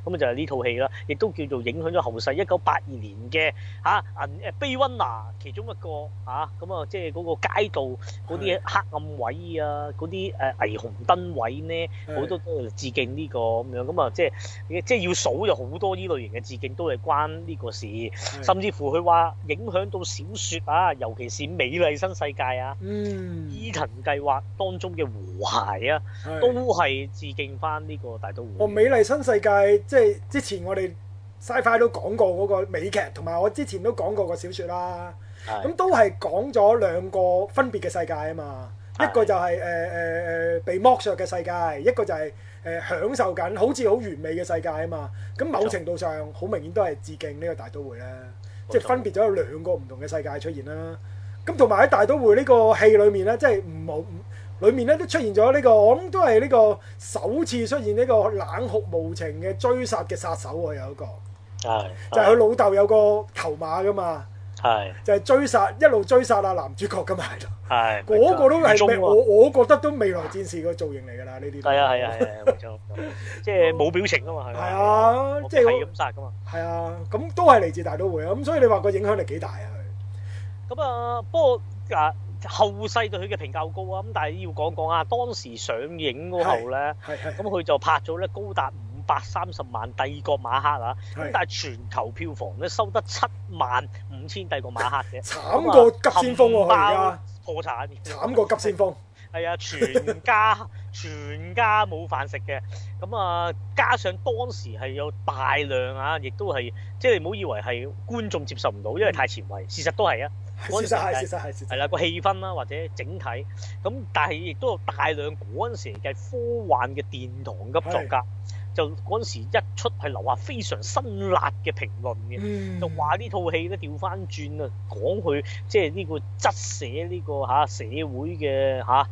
咁啊就係呢套戲啦，亦都叫做影響咗後世。一九八二年嘅嚇銀誒《悲溫拿》其中一個嚇，咁啊即係嗰個街道嗰啲黑暗位啊，嗰啲誒霓虹燈位咧，好多是的 都係致敬呢、呢個咁樣。咁啊即係即係要數又好多呢類型嘅致敬都係關呢個事，甚至乎佢話影響到小說啊，尤其是《美麗新世界》啊，《是的 伊藤計劃》當中嘅和諧啊，是的 都係致敬翻呢個大都會，啊。哦，《美麗新世界》。即係之前我哋 Sci-Fi 都講過嗰個美劇，同埋我之前都講過個小說啦。咁的都係講咗兩個分別嘅世界啊嘛。的一個就係誒誒誒被剝削嘅世界，一個就係、是、誒、呃、享受緊好似好完美嘅世界啊嘛。咁某程度上好明顯都係致敬呢個大都會啦，錯即係分別咗兩個唔同嘅世界出現啦。咁同埋喺大都會呢個戲裡面咧，即係唔冇。裏面咧都出現咗呢、這個，我諗都係呢個首次出現呢個冷酷無情嘅追殺嘅殺手喎、啊，有一個，係是就係佢老豆有個頭馬噶嘛，係是就係追殺一路追殺啊男主角噶嘛，係個是 個都係我我覺得都未來戰士個造型嚟噶啦呢啲，係啊係啊係，冇錯， 即係冇表情噶嘛，係啊，即係咁殺噶嘛，係啊，咁都係嚟自大都會啊，咁所以你話個影響力幾大啊？佢咁、嗯、啊，不過啊。後世對佢嘅評價好高啊，咁但係要講講啊，當時上映嗰後咧，咁佢就拍咗咧高達五百三十萬帝國馬克啊，咁是但係全球票房咧收得七萬五千帝國馬克嘅、啊，慘過急先鋒喎佢啊，破產，慘過急先鋒，係啊，全家全家冇飯食嘅，咁啊 加上當時係有大量啊，亦都係即係你唔好以為係觀眾接受唔到，因為太前衛，嗯、事實都係啊。嗰陣係啦，個氣氛啦，或者整體咁，但係亦都有大量嗰陣時嘅科幻嘅殿堂級作家，是就嗰陣時一出係留下非常辛辣嘅評論嘅，嗯、就話呢套戲咧掉返轉啊，講佢，即係呢個質寫呢個嚇社會嘅嚇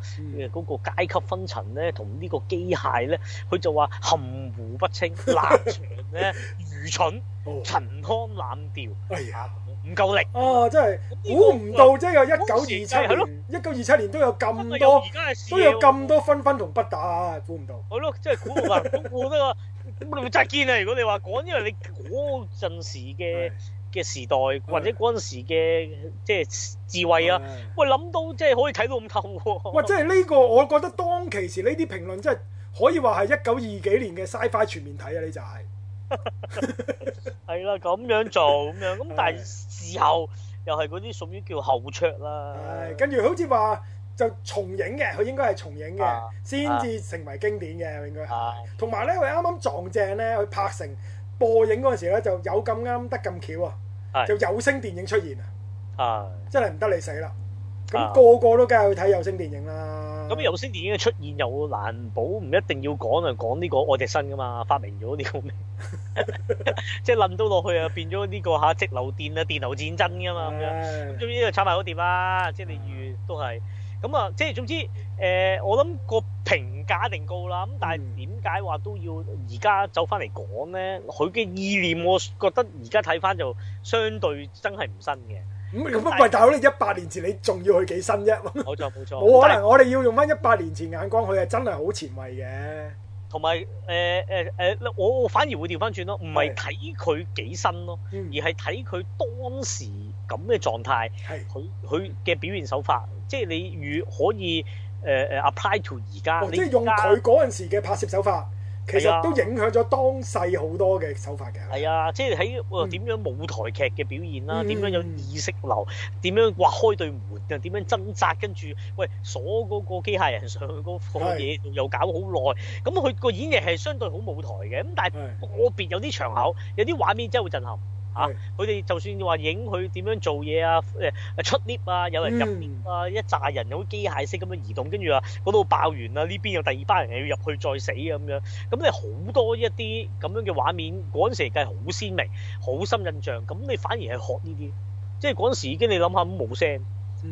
嗰個階級分層咧，同呢個機械咧，佢就話含糊不清、爛場咧、愚蠢、 陳腔濫調。哎唔夠力啊！真係估唔到，即係一九二七年，一九二七年都有咁多，都有咁多分分同不打，估唔到。係咯，真係估唔到我得啊，你咪真係堅啊！如果你話講，因為你嗰陣時嘅嘅時代，或者嗰陣時嘅即係智慧啊，喂，諗到即係可以睇到咁透喎。喂，即係呢個，我覺得當其時呢啲評論，即係可以話係一九二幾年嘅 Sci-Fi 全面睇啊！你就係。係 啦，咁樣做咁樣，咁但係事後又係嗰啲屬於叫後桌啦。唉，跟住好似話就重影嘅，佢應該係重影嘅，先至、啊、成為經典嘅應該係。同埋咧，佢啱啱撞正咧，佢拍成播影嗰陣時咧，就有咁啱得咁巧啊，就有聲電影出現啊，真係唔得你死啦！咁、那個個都梗係去睇有聲電影啦。咁有、嗯、先電影嘅出現又難保唔一定要講啊，講呢個愛迪生噶嘛，發明咗呢個咩？即係冧到落去、這個、啊，變咗呢個嚇直流電啊，電流戰爭噶嘛咁樣。咁總之又拆埋嗰碟啦，即係例如都係咁啊，即係總之誒，我諗個評價一定高啦。咁但係點解話都要而家走翻嚟講咧？佢嘅意念我覺得而家睇翻就相對真係唔新嘅。咁喂！大佬，嗯，你一百年前你仲要去幾新啫？冇錯冇錯，冇可能。我哋要用翻一百年前眼光，佢係真係好前衛嘅。同埋，誒誒誒，我反而會調翻轉咯，唔係睇佢幾新咯，係而係睇佢當時咁嘅狀態，係佢佢嘅表現手法，即係你與可以誒誒 apply to 而家，哦，即係用佢嗰陣時嘅拍攝手法。其實都影響咗當世好多嘅手法嘅。係啊，即係喺點樣舞台劇嘅表現啦，啊，點、嗯、樣有意識流，點樣挖開對門又點樣掙扎，跟住喂鎖嗰個機械人上去嗰個嘢的，又搞好耐。咁佢個演繹係相對好舞台嘅，咁但係個別有啲場口，的有啲畫面真係會震撼。嚇！佢哋、啊、就算話影佢點樣做嘢啊，誒出 lift 啊，有人入 lift 啊，嗯、一紮人有好機械式咁樣移動，跟住話嗰度爆完啦，呢邊有第二班人要入去再死咁樣，咁你好多一啲咁樣嘅畫面，嗰陣時嚟計好鮮明，好深印象，咁你反而係學呢啲，即係嗰陣時已經你諗下冇聲，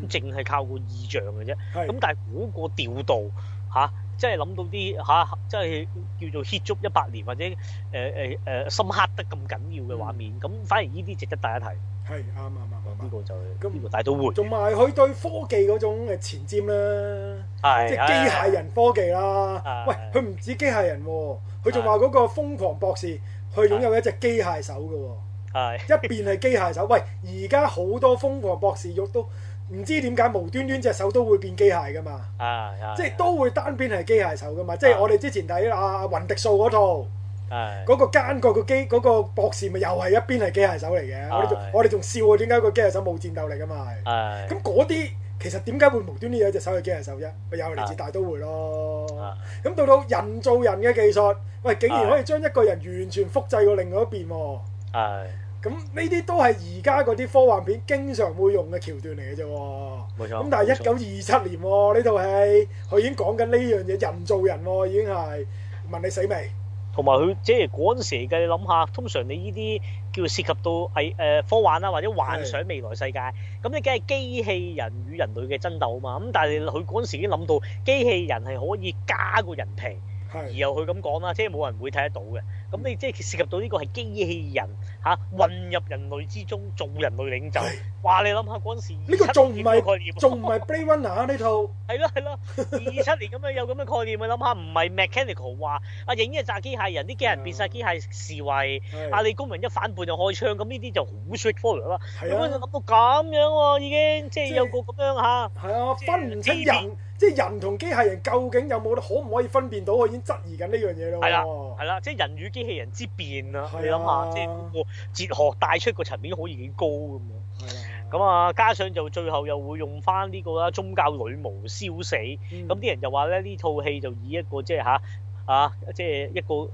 淨係、嗯、靠個意象嘅啫，咁、嗯、但係嗰個調度嚇。啊即係諗到啲嚇，即係叫做 hit 足一百年或者誒誒誒深刻得咁緊要嘅畫面，咁反而呢啲值得大家睇。係啱啱啱啱，呢個就今、是、咁，嗯、個大都會。同埋佢對科技嗰種嘅前瞻啦，即係機械人科技啦。喂，佢唔止機械人喎、啊，佢仲話嗰個瘋狂博士佢擁有一隻機械手嘅喎、啊。一邊係機械手，是 喂，而家好多瘋狂博士喐都。唔知點解無端端隻手都會變機械㗎嘛？啊！即係都會單邊係機械手㗎嘛？即係我哋之前睇阿阿雲迪素嗰套，嗰個間國個機嗰個博士咪又係一邊係機械手嚟嘅？我哋仲我哋仲笑啊！點解個機械手冇戰鬥力㗎嘛？咁嗰啲其實點解會無端端有一隻手係機械手啫？咪又係嚟自大都會咯。咁到到人造人嘅技術，喂，竟然可以將一個人完全複製到另外一邊喎。係。咁呢啲都係而家嗰啲科幻片經常會用嘅橋段嚟嘅啫喎。冇錯。咁但係一九二七年喎，呢套戲佢已經講緊呢樣嘢人造人喎，已經係問你死未？同埋佢即係嗰陣時嚟嘅，你諗下，通常你呢啲叫涉及到係誒科幻啊或者幻想未來世界，咁你梗係機器人與人類嘅爭鬥啊嘛。咁但係佢嗰陣時已經諗到機器人係可以加個人皮。而又佢咁講啦，即係冇人會睇得到嘅。咁你即係涉及到呢個係機器人嚇混入人類之中做人類領袖，話你諗下嗰陣時呢個仲唔係仲唔係 Blade Runner 呢套？係咯係咯，二七年咁樣有咁嘅概念你諗下唔係 Mechanical 話啊，影一集機械人啲機人變晒機械侍衛，啊，你公民一反叛就開槍，咁呢啲就好 strict follow 啦。咁我就諗到咁樣喎，已經即係有個咁樣嚇。係啊，分唔清即係人同機械人究竟有冇得，可唔可以分辨到？我已經質疑緊呢樣嘢咯。係啦，係啦，即係人與機器人之辯啦。的你諗下，即係個哲學帶出個層面可以幾高咁樣。係啊的。咁啊，加上就最後又會用翻呢個啦，宗教女巫燒死。咁啲、嗯、人就話咧，呢套戲就以一個即係吓，嚇，即係、啊、一個誒，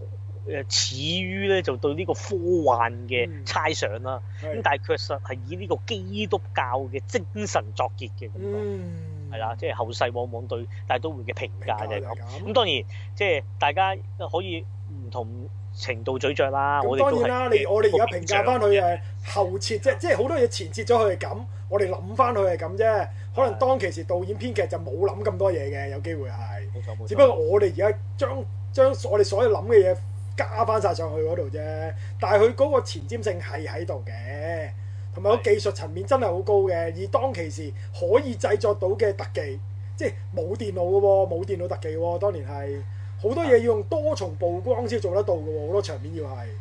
似於咧就對呢個科幻嘅猜想啦。咁、嗯、但係確實係以呢個基督教嘅精神作結嘅。嗯。嗯係啦，即係後世往往對，大都會嘅評、評價就係咁。咁、嗯、當然，即係大家可以唔同程度咀嚼啦。嗯、我當然啦，你我哋而家評價翻佢係後設啫，的即係好多嘢前設咗佢係咁，我哋諗翻佢係咁啫。的可能當其時導演編劇就冇諗咁多嘢嘅，有機會係。冇錯冇錯。錯只不過我哋而家將將我哋所有諗嘅嘢加翻晒上去嗰度啫，但係佢嗰個前瞻性係喺度嘅。同埋個技術層面真係好高嘅，而當其時可以製作到嘅特技，即係冇電腦嘅喎，冇電腦特技喎，當年係好多嘢要用多重曝光先做得到嘅喎，好多場面要係，的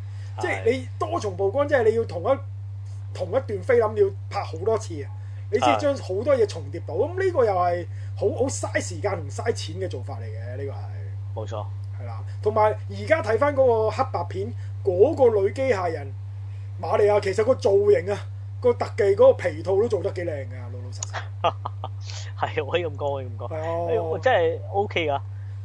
即係你多重曝光即係你要同一同一段菲林要拍好多次啊，你先將好多嘢重疊到，咁呢、啊、個又係好好嘥時間同嘥錢嘅做法嚟嘅，呢、這個係冇錯，係啦沒錯，同埋而家睇翻嗰個黑白片嗰、那個女機械人瑪利亞，其實個造型啊～個特技嗰個皮套都做得幾靚㗎，老老實實。係， 我可以咁講，可以咁講。係、哦欸、真係 OK 㗎，哦、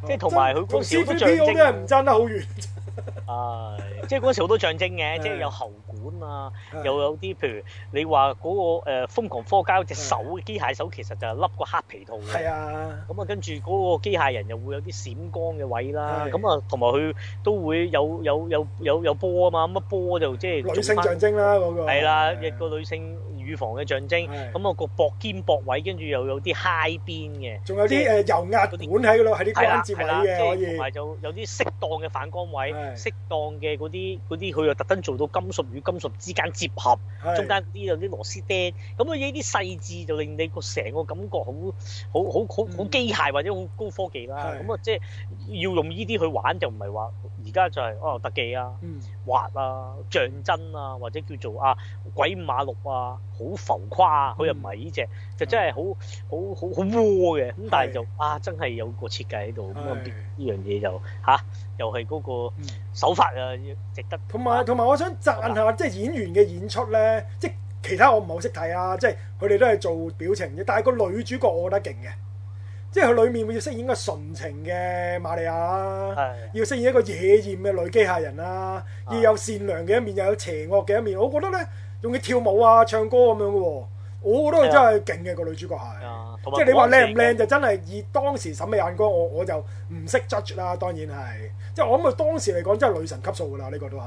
即係同埋佢公司都係唔爭得好遠。 係、uh,，即係嗰時好多象徵嘅，即係有喉管啊，Yeah. 又有啲譬如你話嗰、那個誒瘋、呃、狂科學家隻手嘅機 Yeah. 械手，其實就係笠個黑皮套嘅。係啊，咁啊跟住嗰個機械人又會有啲閃光嘅位啦，咁啊同埋佢都會有有有有有波啊嘛，咁啊波就即係女性象徵啦嗰個。係啦，一個女性。預防嘅象徵，咁啊個薄肩薄位，跟住又有啲嗨邊嘅，仲有啲誒油壓管喺度，喺啲特登接埋嘅，同埋就有啲適當嘅反光位，適當嘅嗰啲啲，佢又特登做到金屬與金屬之間結合，中間啲有啲螺絲釘，咁啊呢啲細緻就令你個成個感覺好好好好好機械或者好高科技啦，咁啊即係要用呢啲去玩，就唔係話而家就係哦特技啊。滑啊，象徵啊，或者叫做啊鬼馬六啊，好浮誇啊，佢又唔係呢隻，就真係、嗯、好好好好窩嘅。咁的但係就啊，真係有個設計喺度咁啊，呢樣嘢就吓，又係嗰個手法啊，嗯、值得。同埋同埋，我想讚下的即係演員嘅演出咧，即係其他我唔係好識睇啊，即係佢哋都係做表情嘅，但係個女主角我覺得勁嘅。即係佢裏面會要飾演一個純情嘅瑪利亞，的要飾演一個野艷嘅女機械人啦，的要有善良嘅一面，又有邪惡嘅一面。我覺得呢，用佢跳舞啊、唱歌咁樣嘅喎，我覺得真係勁嘅個女主角係。的即係你話靚唔靚就真係以當時審美眼光我，我我就唔識 judge 啦。當然係，即係我諗佢當時嚟講真係女神級數㗎啦，呢個都係。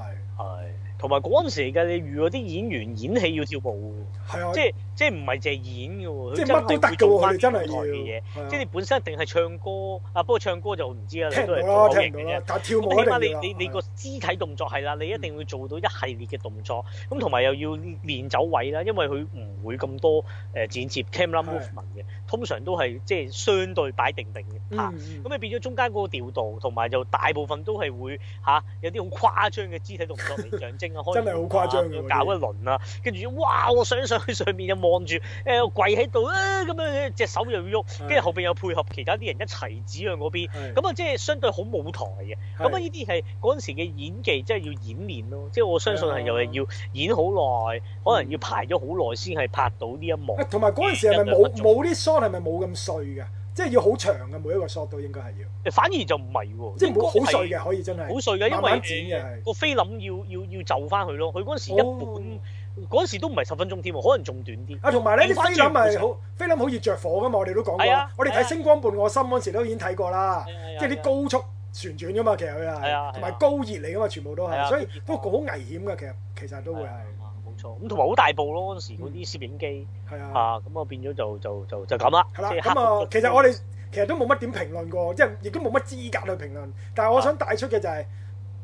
同埋嗰陣時嚟你遇到啲演員演戲要跳舞嘅，係啊，即係即係唔係淨係演嘅喎，佢真係會做真舞台嘅嘢，即係你本身一定係唱歌啊，不過唱歌就唔知啦，你都係表演嘅啫。聽到啦，聽起碼你你你個肢體動作係啦，你一定會做到一系列嘅動作，咁同埋又要練走位啦，因為佢唔會咁多誒剪接 camera movement 嘅，通常都係即係相對擺定定嚇，咁你變咗中間嗰個調度，同埋就大部分都係會嚇有啲好誇張嘅肢體動作嚟象徵。真係好誇張嘅，搞一輪啦，跟住哇！我想上，上去上面就望住誒，跪喺度啊咁樣，隻手又要喐，跟住是後邊又配合其他啲人一齊指向嗰邊，咁啊是，即係相對好舞台嘅。咁啊是，呢啲係嗰陣時嘅演技，即係要演練咯。的即係我相信係又係要演好耐，嗯、可能要排咗好耐先係拍到呢一幕。同埋嗰陣時係咪冇冇啲 shot 係咪冇咁碎嘅？即係要好長嘅每一個索度應該係要，反而就唔係喎，即係好碎嘅可以真係，好碎嘅因為個菲林要要要就翻去咯，佢嗰陣時一半嗰陣都唔係十分鐘添喎，可能仲短啲。啊，同埋咧啲菲林咪好菲林好易著火㗎嘛，我哋都講過。我哋睇《星光伴我心》嗰陣時都已經睇過啦，即係啲高速旋轉㗎嘛，其實佢係，同埋高熱嚟㗎嘛，全部都係，所以不過好危險㗎，其實其實都會係。咁同埋好大部咯，嗰時嗰啲攝影機係、嗯、啊，啊咁啊變咗就就就就咁啦。係啦了，咁啊、呃、就其實我哋其實都冇乜點評論過，即係亦都冇乜資格去評論。但係我想帶出嘅就係、是啊，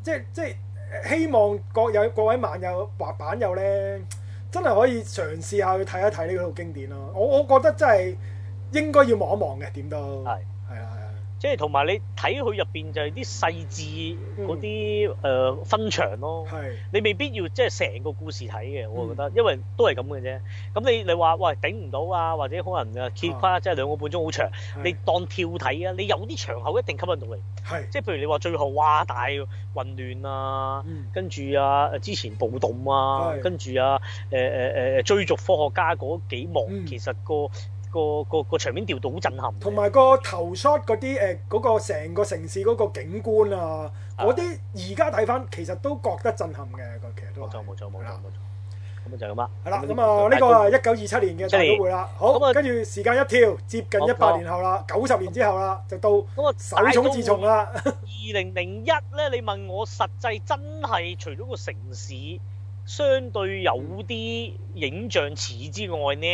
即係即係希望各有各位漫友、滑板友咧，真係可以嘗試下去睇一睇呢套經典咯。我我覺得真係應該要望一望嘅點都係。即係同埋你睇佢入邊就係啲細緻嗰啲誒分場咯，是你未必要即係成個故事睇嘅，我覺得，嗯、因為都係咁嘅啫。咁你你話喂，頂唔到啊，或者可能啊揭誇即係兩個半鐘好長，是你當跳睇啊。你有啲場口一定吸引到你，即係是譬如你話最後哇大混亂啊，嗯、跟住啊之前暴動啊，嗯、跟住啊誒誒誒追逐科學家嗰幾幕，其實個。個個個場面調度好震撼，同埋個頭 shot 嗰啲誒，嗰個成個城市嗰個景觀啊，嗰啲而家睇翻，其實都覺得震撼嘅。個其實都冇錯冇錯冇錯冇錯，咁啊就咁啦。係啦，咁啊呢個啊一九二七年嘅大都會啦，好，咁啊，跟住時間一跳，接近一百年後啦，九十年之後啦，就到。咁啊，始終自從啦，二零零一咧，你問我實際真係除咗個城市相對有啲影像似之外呢。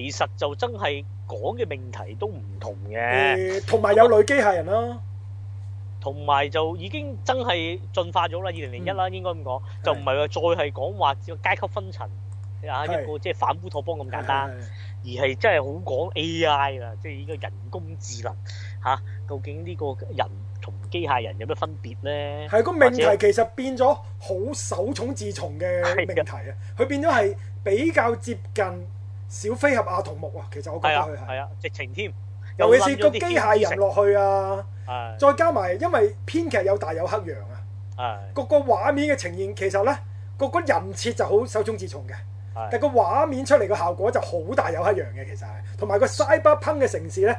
其實就真係講嘅命題都唔同嘅，同埋、嗯、有女機械人啦、啊，同埋就已經真係進化咗啦，二零零一啦，嗯、應該咁講，的就唔係話再係講話階級分層啊，的一個即係反烏托邦咁簡單，而係真係好講 AI 啦，即係呢個人工智能吓、啊，究竟呢個人同機械人有咩分別咧？係、個命題其實變咗好手塚治虫嘅命題啊，佢的的變咗係比較接近。小飛俠阿童木啊，其實我覺得佢係、嗯、直情添，尤其是個機械人落去啊，嗯、再加埋，因為編劇有大友克洋啊，係、嗯，個個畫面嘅呈現其實呢，個個人設就好手塚治虫嘅。嗯、但個畫面出嚟嘅效果就好大友克洋嘅，其實係，同埋個 cyberpunk 嘅城市呢，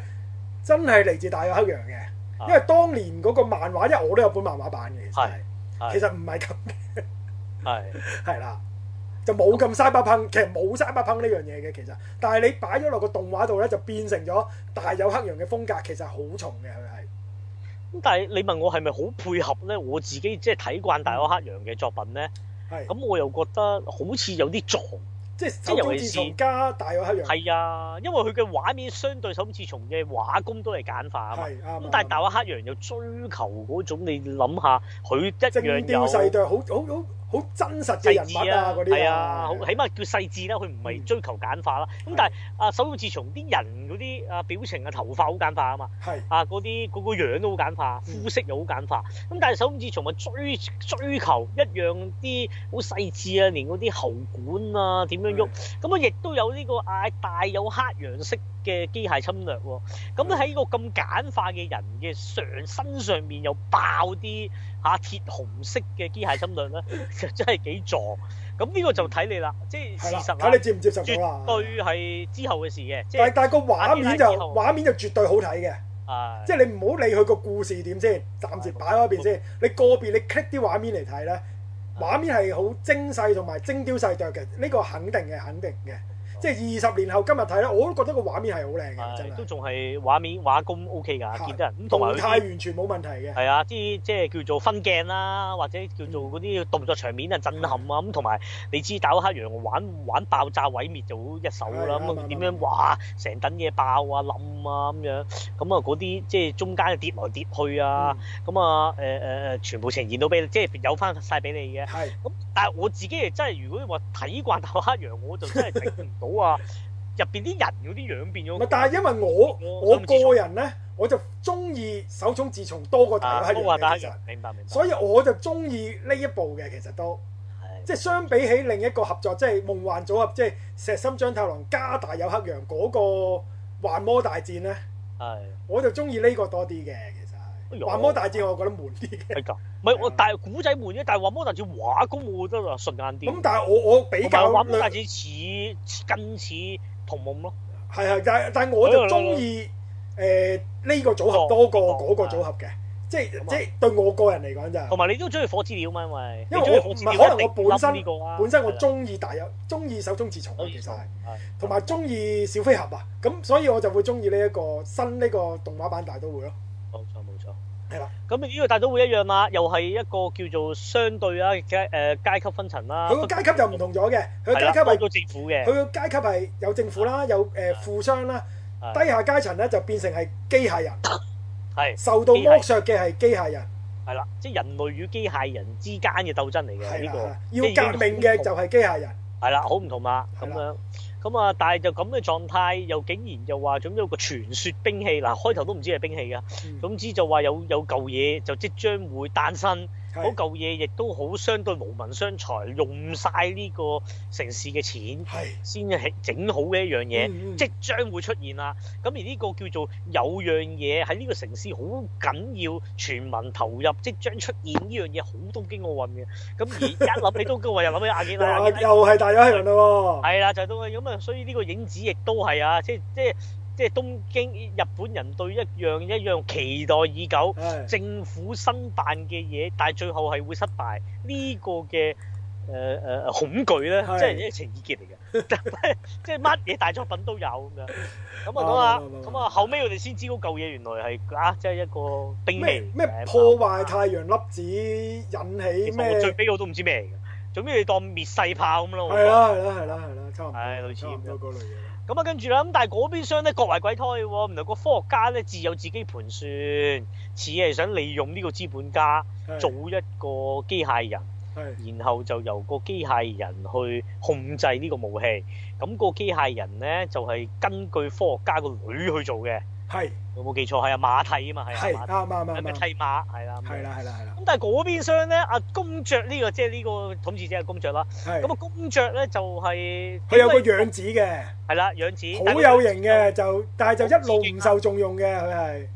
真係嚟自大友克洋嘅，嗯、因為當年嗰個漫畫，因為我都有本漫畫版嘅，係，其實唔係咁嘅，係、嗯，係、嗯、啦。 就冇咁沙巴砰，其實冇沙巴砰呢樣嘢嘅其實，但係你擺咗落個動畫度咧，就變成咗大友克洋嘅風格，其實好重嘅佢係。咁但係你問我係咪好配合咧？我自己即係睇慣大友克洋嘅作品咧，咁、嗯、我又覺得好似有啲重，即係即係尤其是而家大友克洋係啊，因為佢嘅畫面相對上，好似從嘅畫工都係簡化啊嘛。咁但係大友克洋又追求嗰種，你諗下佢一樣有。好真實嘅人物啊，嗰啲係啊，起碼叫細緻啦、啊，佢唔係追求簡化啦、啊。咁是但係啊，手塚治虫啲人嗰啲啊表情啊頭髮好簡化啊嘛，係是啊嗰啲嗰個樣都好簡化，膚色又好簡化。咁但係手塚治虫咪追追求一樣啲好細緻啊，連嗰啲喉管啊點樣喐，咁啊亦都有呢個嗌大有黑羊色嘅機械侵略咁咧，喺個咁簡化嘅人嘅上身上面又爆啲嚇鐵紅色嘅機械侵略咧， 就真係幾壯。咁呢個就睇你啦，即係事實睇，啊、你接唔接受咗啦。絕對係之後嘅事嘅。但但個畫面就畫面就絕對好睇嘅，的即係你唔好理佢個故事點先，暫時擺喺嗰邊先。的的你個別你 cut 啲畫面嚟睇咧，畫面係好精細同埋精雕細琢嘅，呢、呢個肯定嘅，肯定嘅。即係二十年後今日睇咧，我都覺得個畫面係好靚嘅，真係都仲係畫面畫工 O K 㗎，okay 嗯、見得人同埋動態完全冇問題嘅。係啊，啲即係叫做分鏡啦，iki, 或者叫做嗰啲動作場面啊，震撼啊咁，同埋的、嗯、你知打黑羊玩玩爆炸毀滅就好一手啦。咁啊點樣哇？成等嘢爆啊冧啊咁樣，咁啊嗰啲即係中間跌來跌去、嗯、啊，咁啊誒誒誒，全部呈現到俾你，即係有翻晒俾你嘅。係。但係我自己誒，真係如果話睇慣《大友克洋、啊 》我我我，我就真係睇唔到啊！入邊啲人嗰啲樣變咗。但係因為我我個人咧，我就中意手塚，治虫多過《大、啊嗯嗯嗯、克洋》嘅，其實明白明白。明白所以我就中意呢一部嘅，其實都，即係相比起另一個合作，即係《夢幻組合》，即係《石森章太郎、加大友《克洋》嗰個幻魔大戰咧，係、啊，嗯嗯、我就中意呢個多啲嘅。畫幻魔大戰我覺得悶啲，係噶，唔係，但係古仔悶啫。但係幻魔大戰畫功我覺得順眼啲。咁但係我我比較似近似童夢咯。係係，但但我就中意誒呢個組合多過嗰個組合嘅，即係即係對我個人嚟講咋。同埋你都中意火之鳥嘛？因為唔係，可能我本身本身我中意大有中意手塚治虫其實係，同埋中意小飛俠啊，咁所以我就會中意呢一個新呢個動畫版大都會咯。係啦，咁呢個大都會一樣啦，又係一個叫做相對啊階、誒階級分層啦。佢個階級就唔同咗嘅，佢的階級係個政府嘅。佢個階級係有政府啦，的有誒富商啦，低、呃、的下階層咧就變成係機械人，係的受到剝削嘅係機械人。係啦，即、就、係、是、人類與機械人之間嘅鬥爭嚟嘅。呢個要革命嘅就係機械人。係啦，好唔同啊，咁樣，咁啊，但係就咁嘅狀態，又竟然又話，總之有個傳説兵器，嗱，開頭都唔知係兵器㗎，嗯、總之就話有有舊嘢就即將會誕生。嗰嚿嘢亦都好相對無民傷財，用晒呢個城市嘅錢先係整好嘅一樣嘢，嗯嗯、即將會出現啦。咁而呢個叫做有樣嘢喺呢個城市好緊要，全民投入，即將出現呢樣嘢，好東京奧運嘅。咁而一諗起東京奧運又諗起亞運啦，又係、啊啊啊啊、大一輪啦喎。係啦，就係東京咁啊，所以呢個影子亦都係啊，即即。即係東京日本人對一樣一樣期待已久，是的 政府新辦嘅嘢，但係最後係會失敗呢、這個嘅誒誒恐懼咧，即係一場情意結嚟嘅，是的 即係乜嘢大作品都有咁 樣。咁啊、哦，咁啊、就是，咁啊、嗯，後尾我哋先知嗰嚿嘢原來係啊，即係一個兵器，咩破壞太陽粒子引起咩？最悲我都唔知咩嚟嘅，做咩你當滅世炮咁咯。係啦係啦係啦係啦，差唔多。係、嗯、類似咁樣嘅嘢。咁啊，跟住啦，咁但係嗰邊廂咧各懷鬼胎嘅喎，原來個科學家咧自有自己盤算，似係想利用呢個資本家做一個機械人，係然後就由個機械人去控制呢個武器。咁、那個機械人咧就係、係、根據科學家個女去做嘅。係。有冇記錯係啊，馬蹄啊嘛係啊，馬蹄啊咩？嗯、踢馬係啦，係啦係啦係啦。咁但係嗰邊雙咧，阿公爵呢、這個即係呢個統治者公爵啦。咁個對公爵咧就係、是、佢有個樣子嘅，係啦、嗯、樣子，好有型嘅就，但係就一路唔受重用嘅佢係。啊、是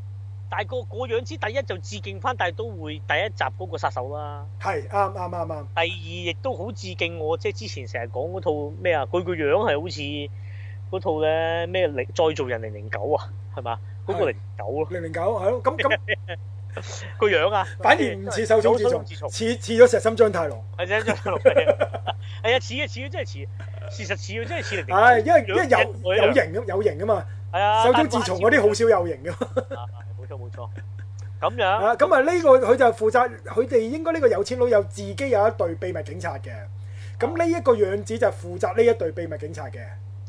但係個個樣子第一就致敬翻，但係都會第一集嗰個殺手啦。係啱啱啱啱。第二亦都好致敬我，即、就、係、是、之前成日講嗰套咩啊，佢、那個樣係好似嗰套嘅咩零再造人零零九啊，係嘛？嗰個零九咯，零零九係咯，咁咁個樣啊， 反而唔似手塚治虫，似似咗石森章太郎，係 啊、 哎，係啊，似啊，似啊，真係似， 事實似啊，真係似零零九。係因為因為有 有型咁有型啊嘛，係啊、哎呀，手塚治虫嗰啲好少有型嘅。冇錯冇錯，咁樣啊，咁 啊呢、這個佢就負責佢哋應該呢個有錢佬有自己有一隊秘密警察嘅，咁呢一個樣子就負責呢一隊秘密警察嘅。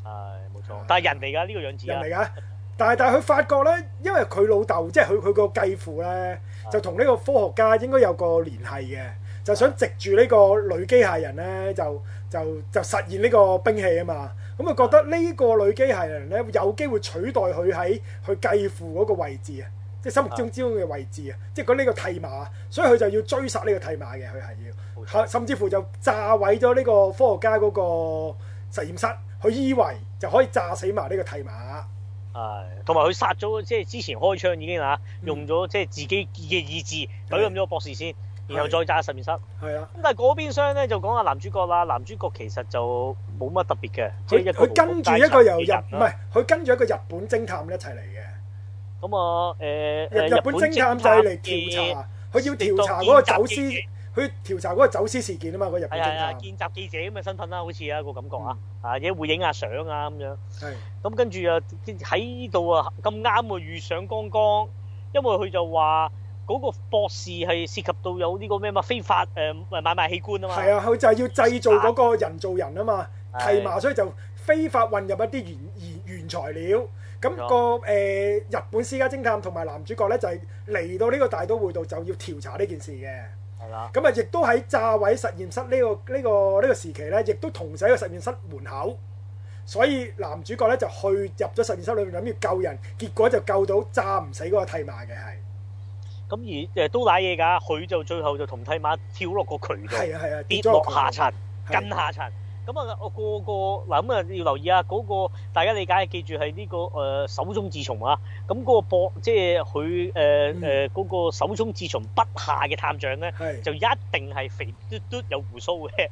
係冇、哎、錯，但係人嚟㗎呢個樣子、啊，人嚟㗎。但係，但係佢發覺咧，因為佢老豆即係佢佢個繼父咧，啊、就同呢個科學家應該有個聯繫嘅，啊、就想藉住呢個女機械人咧，就就就實現呢個兵器啊嘛。咁佢覺得呢個女機械人咧有機會取代佢喺佢繼父嗰個位置啊，即係心目中之中嘅位置啊，即係呢個替馬，所以佢就要追殺呢個替馬嘅，佢係要冇錯、啊、甚至乎就炸毀咗呢個科學家嗰個實驗室，佢以為就可以炸死埋呢個替馬。係，同埋佢殺咗，即係之前開槍已經嚇，用咗即係自己嘅意志，懟冧咗個博士先，然後再炸實驗室。係啊，咁但係嗰邊廂呢就講下男主角啦。男主角其實就冇乜特別嘅，佢佢他跟住一個由日唔係，佢、呃、跟住一個日本偵探一齊嚟嘅。咁我誒、呃呃，日日本偵探就嚟調查，佢要調查嗰個走私。佢調查嗰個走私事件啊嘛，嗰日本偵探見習記者咁嘅身份啦，好似啊個感覺啊啊，嘢會影下相啊咁樣。係咁跟住啊，喺呢度啊咁啱啊遇上剛剛，因為佢就話嗰個博士係涉及到有呢個咩嘛非法誒買賣器官啊嘛。係啊，佢就係要製造嗰個人造人啊嘛，提麻所以就非法混入一啲原原原材料。咁個誒日本私家偵探同埋男主角咧就係嚟到呢個大都會度就要調查呢件事嘅。咁啊，亦、嗯、都喺炸毀實驗室呢、呢個呢、呢個呢、呢個時期咧，亦都同喺個實驗室門口，所以男主角咧就去入咗實驗室裏面諗住救人，結果就救到炸唔死嗰個替馬嘅係。咁而誒都瀨嘢㗎，佢、嗯、就最後就同替馬跳落個渠道，跌落、啊啊、下、下、下層，近、啊啊啊啊、下層。咁啊，那個、那個嗱咁啊，要留意啊，嗰個大家理解，記住係呢、這個誒、呃、手塚治虫啊，咁、那、嗰個博即係佢誒誒嗰個手塚治虫筆下嘅探長咧，是就一定係肥嘟嘟嘟有鬍鬚嘅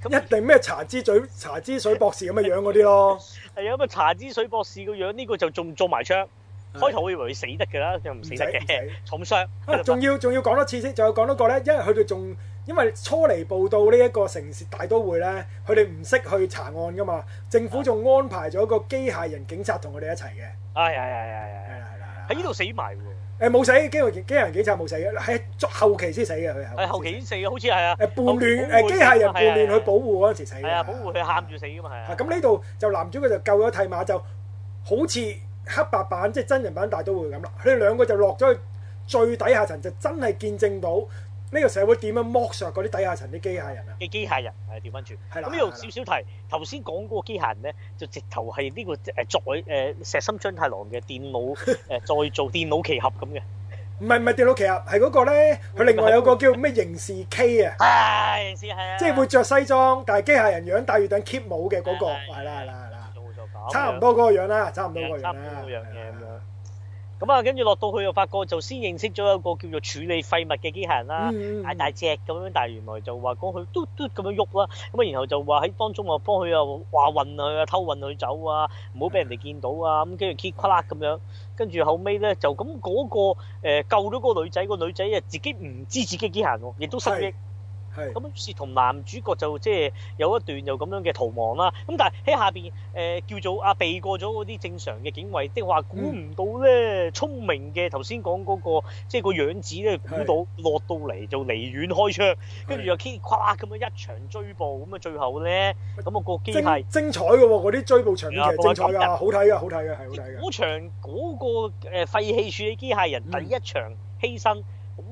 咁是 那一定咩茶之嘴茶之水博士咁嘅樣嗰啲咯，係啊，咁啊，茶之水博士個樣呢、這個就仲做埋槍。開頭我以為會死得嘅啦，又唔死得嘅，重傷。仲要仲要講多次先，即係仲要講多個咧，因為佢哋仲因為初嚟報道呢一個城市大都會咧，佢哋唔識去查案噶嘛。政府仲安排咗一個機械人警察同佢哋一齊嘅。係係係係係啦係啦。喺呢度死埋喎。誒冇死，機械機械人警察冇死嘅，喺後期先死嘅，佢係。係後期死嘅，好似係啊。誒叛亂誒機械人叛亂去保護嗰陣時死嘅。係啊，保護佢喊住死噶嘛係啊。咁呢度就男主角就救咗替馬，就好似。黑白版即係真人版大都會咁啦，佢哋兩個就落咗去最底下層，就真係見證到呢個社會點樣剝削嗰啲底下層啲機械人嘅機械人。係調翻轉。呢度少少提頭先講嗰個機械人咧，就直頭係呢個誒在誒石心張太郎嘅電腦誒在做電腦奇俠咁嘅。唔係唔係電腦奇俠，係嗰個咧，佢另外有個叫咩刑事 K 啊，刑事即係會着西裝，但係機械人樣戴住頂 keep 帽嘅嗰個。係啦係啦。差唔多嗰個樣啦，差唔多嗰樣嘢。咁樣。咁啊、嗯，跟住落到去又發覺就先認識咗一個叫做處理廢物嘅機械人啦，嗯、大大隻咁樣，但係原來就話講佢嘟嘟咁樣喐啦，咁啊，然後就話喺當中啊幫佢啊話運佢啊偷運佢走啊，唔好俾人哋見到啊，咁跟住 click click 咁樣，跟住後尾咧就咁嗰個救咗嗰個女仔，個女仔啊自己唔知自己機械人喎，亦都失憶。係，咁於是同男主角就即係有一段又咁樣嘅逃亡啦。咁但係喺下邊誒、呃、叫做啊避過咗嗰啲正常嘅警衞，即係話估唔到咧，聰明嘅頭先講嗰個即係、就是、個樣子咧估到是落到嚟就離遠開槍，跟住是又 K 咭咁樣一場追捕，咁啊最後咧咁啊個機械精，精彩嘅喎，嗰啲追捕場面係、嗯、精彩、嗯、好睇㗎，好睇㗎，係好睇嘅。嗰場嗰個誒廢棄處理機械人第一場犧牲、嗯。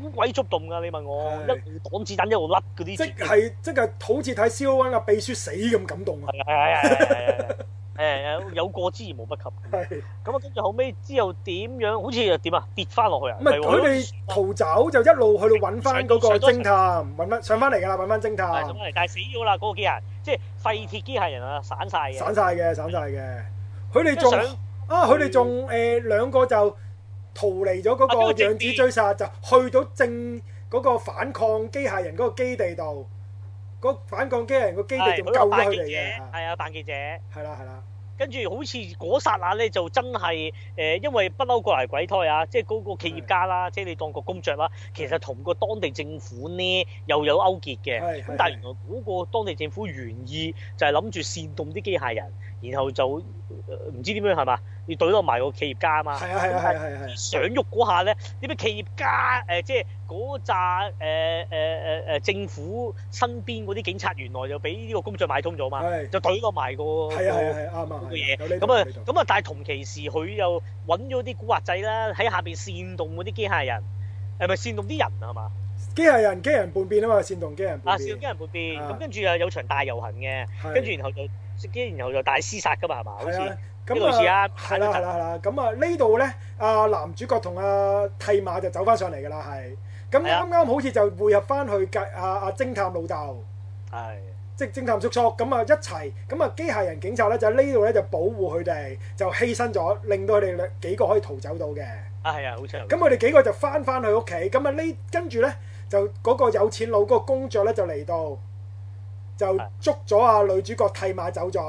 好鬼觸動噶，你問我一路擋子彈一路甩嗰啲即係是即係好似睇 C.O.N. 啊，秘書死咁感動啊！係係係，誒有 有過之而無不及。係咁啊，跟住後尾之後點樣？好似又點啊？跌翻落去啊？唔係佢哋逃走就一路去到搵翻嗰個偵探，搵翻上翻嚟噶，搵翻偵探。上但係死咗啦，嗰個機械人即係廢鐵機械人啊，散晒嘅。散晒嘅，散晒嘅。佢哋仲啊，佢哋仲誒兩個就、逃離咗嗰個樣子追殺，就去到正嗰個反抗機械人嗰個基地度。嗰、那個、反抗機械人個基地就救返佢哋嘅，係啊扮記者。係啦係啦。跟住好似嗰剎那咧，就真係誒、呃，因為不嬲過嚟鬼胎啊，即係嗰個企業家啦，的即係你當個公爵啦，其實同個當地政府呢又有勾結嘅。咁的但係原來嗰個當地政府原意就係諗住煽動啲機械人。然後就唔知點樣係嘛，要懟落埋個企業家啊嘛。係啊係啊係係係。想喐嗰下咧，呢啲企業家誒，即係嗰扎誒誒誒誒，政府身邊嗰啲警察，原來就俾呢個公爵買通咗嘛。就懟落埋個，係啊係啊啱啊。嘅嘢。咁啊咁啊，但係同期時佢又揾咗啲古惑仔啦，喺下邊煽動嗰啲機械人，係咪煽動啲人啊嘛？機械人，機械人叛變啊嘛，煽動機械人叛變。啊，煽動機械人叛變。咁跟住又有場大遊行嘅，跟住然後就。然後又大厮殺噶嘛係嘛？好似呢類似踏著踏著啊，係啦係啦咁啊,啊,啊呢度咧，阿、啊、男主角同阿替馬就走翻上嚟噶啦，係咁啱啱好似就匯合翻去計阿阿偵探老豆，係即係偵探叔叔咁啊、嗯、一齊咁啊機械人警察咧就喺呢度咧就保護佢哋就犧牲咗，令到佢哋幾幾個可以逃走到嘅。啊係啊，好彩咁佢哋幾個就翻翻去屋企咁啊呢跟住咧就嗰個有錢佬嗰個工作咧就嚟到。就捉咗阿、啊、女主角替馬走咗，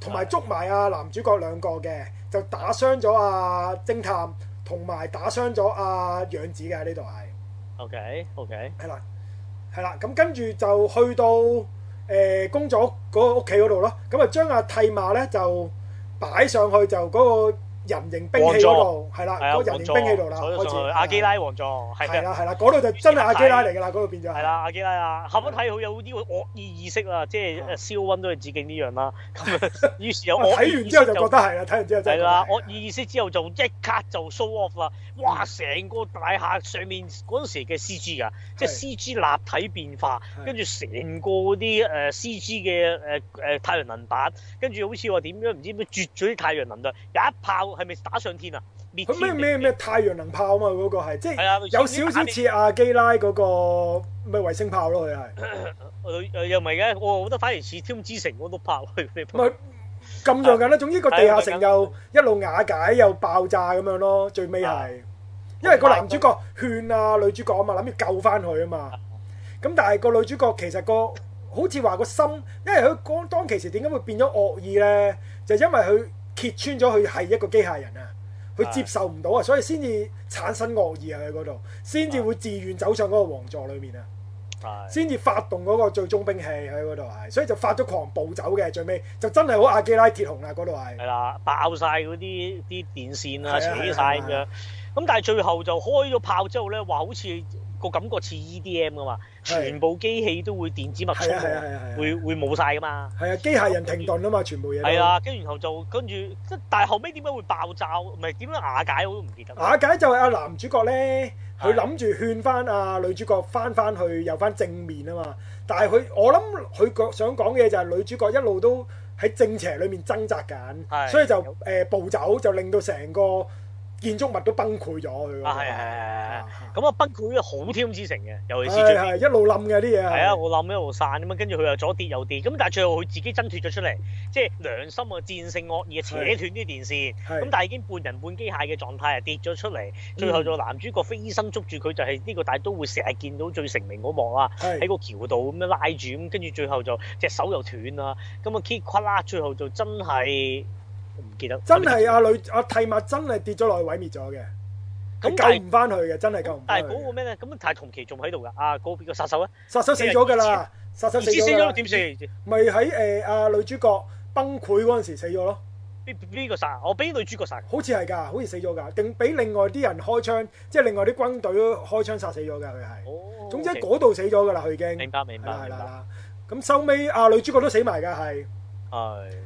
同埋捉埋阿、啊、男主角兩個嘅，就打傷咗阿、啊、偵探，同埋打傷咗阿、啊、養子嘅呢度係。OK OK，係啦，係啦，咁跟住就去到誒工作嗰個屋企嗰度咯，咁、呃、啊將阿替馬咧就擺上去就嗰、嗰個。人形兵器嗰度，係啦，個人形兵器度啦，開始阿基拉王座，係啦係啦，嗰度就真係阿基拉嚟㗎啦，嗰度變咗係啦阿基拉啦，後尾睇好，有啲惡意意識啦，即係燒溫都係致敬呢樣啦。咁於是有我睇完之後就覺得係啦，睇完之後真係啦，惡意意識之後就即刻就 show off 啦，哇！成個大廈上面嗰陣時嘅 CG 啊，即係 CG 立體變化，跟住成個嗰啲誒 CG 嘅誒誒太陽能板，跟住好似話點樣唔知咩絕咗啲太陽能有一炮。係咪打上天啊？咩咩咩太陽能炮啊嘛，嗰個係即係有少少似阿基拉嗰個咩衛星炮咯，佢係 又唔係嘅，我覺得反而似天之城嗰個炮。唔係咁樣噶啦，總之個地下城又一路瓦解又爆炸咁樣咯，最尾係的因為個男主角勸啊女主角啊嘛，諗住救翻佢啊嘛。咁但係個女主角其實嗰個好似話個心，因為佢講當其時點解會變咗惡意咧？就因為佢。揭穿咗佢係一個機械人啊，佢接受唔到啊，是的 所以先至產生惡意啊，喺嗰度，先至會自願走上嗰個王座裏面啊，先至是的 發動嗰個最終兵器喺嗰度係，所以就發咗狂暴走嘅最尾，就真係好阿基拉鐵雄啊嗰度係，係啦，爆晒嗰啲啲電線啊扯晒咁樣，咁的但係最後就開咗炮之後咧，話好似。個感覺似 EDM 嘅嘛，啊、全部機器都會電子脈衝、啊啊啊，會會冇晒嘅嘛。係啊，機械人停頓啊嘛，全部嘢。係啊，跟住然後就跟住，但係後尾點解會爆炸？唔係點解瓦解我都唔記得。瓦解就係阿男主角咧，佢諗住勸翻阿女主角翻翻去、啊、又翻正面啊嘛。但係佢我諗佢講想講嘅就係女主角一路都喺正邪裡面掙扎緊，啊、所以就誒、呃、暴走就令到成個。建築物都崩潰咗佢。啊係係係。咁啊、嗯、崩潰好天之成嘅，尤其是最是是一邊是是一路冧嘅啲嘢。係啊，我冧一路散咁樣，跟住佢又左跌右跌，咁但係最後佢自己掙脫咗出嚟，即係良心啊，戰勝惡意啊，扯斷啲電線，咁但係已經半人半機械嘅狀態啊跌咗出嚟，是最後就男主角飛身捉住佢就係、是、呢個，大都會成日見到最成名嗰幕啦，喺是個橋度咁樣拉住，咁跟住最後就隻手又斷啦，咁啊結果最後就真係。唔記得，真係阿女阿替物真係跌咗落去毀滅咗嘅，救唔翻佢嘅，真係救唔翻。但係嗰個咩咧？咁但係同期仲喺度噶，阿嗰邊個殺手咧？殺手死咗㗎啦，殺手死咗點死？咪喺誒阿女主角崩潰嗰陣時死咗咯。呢邊個殺？我俾女主角殺。好似係㗎，好似死咗㗎，定俾另外啲人開槍，即係另外啲軍隊開槍殺死咗㗎。佢係。哦。總之喺嗰度死咗㗎啦，佢已經。明白明白。係啦。咁收尾阿女主角都死埋㗎，係。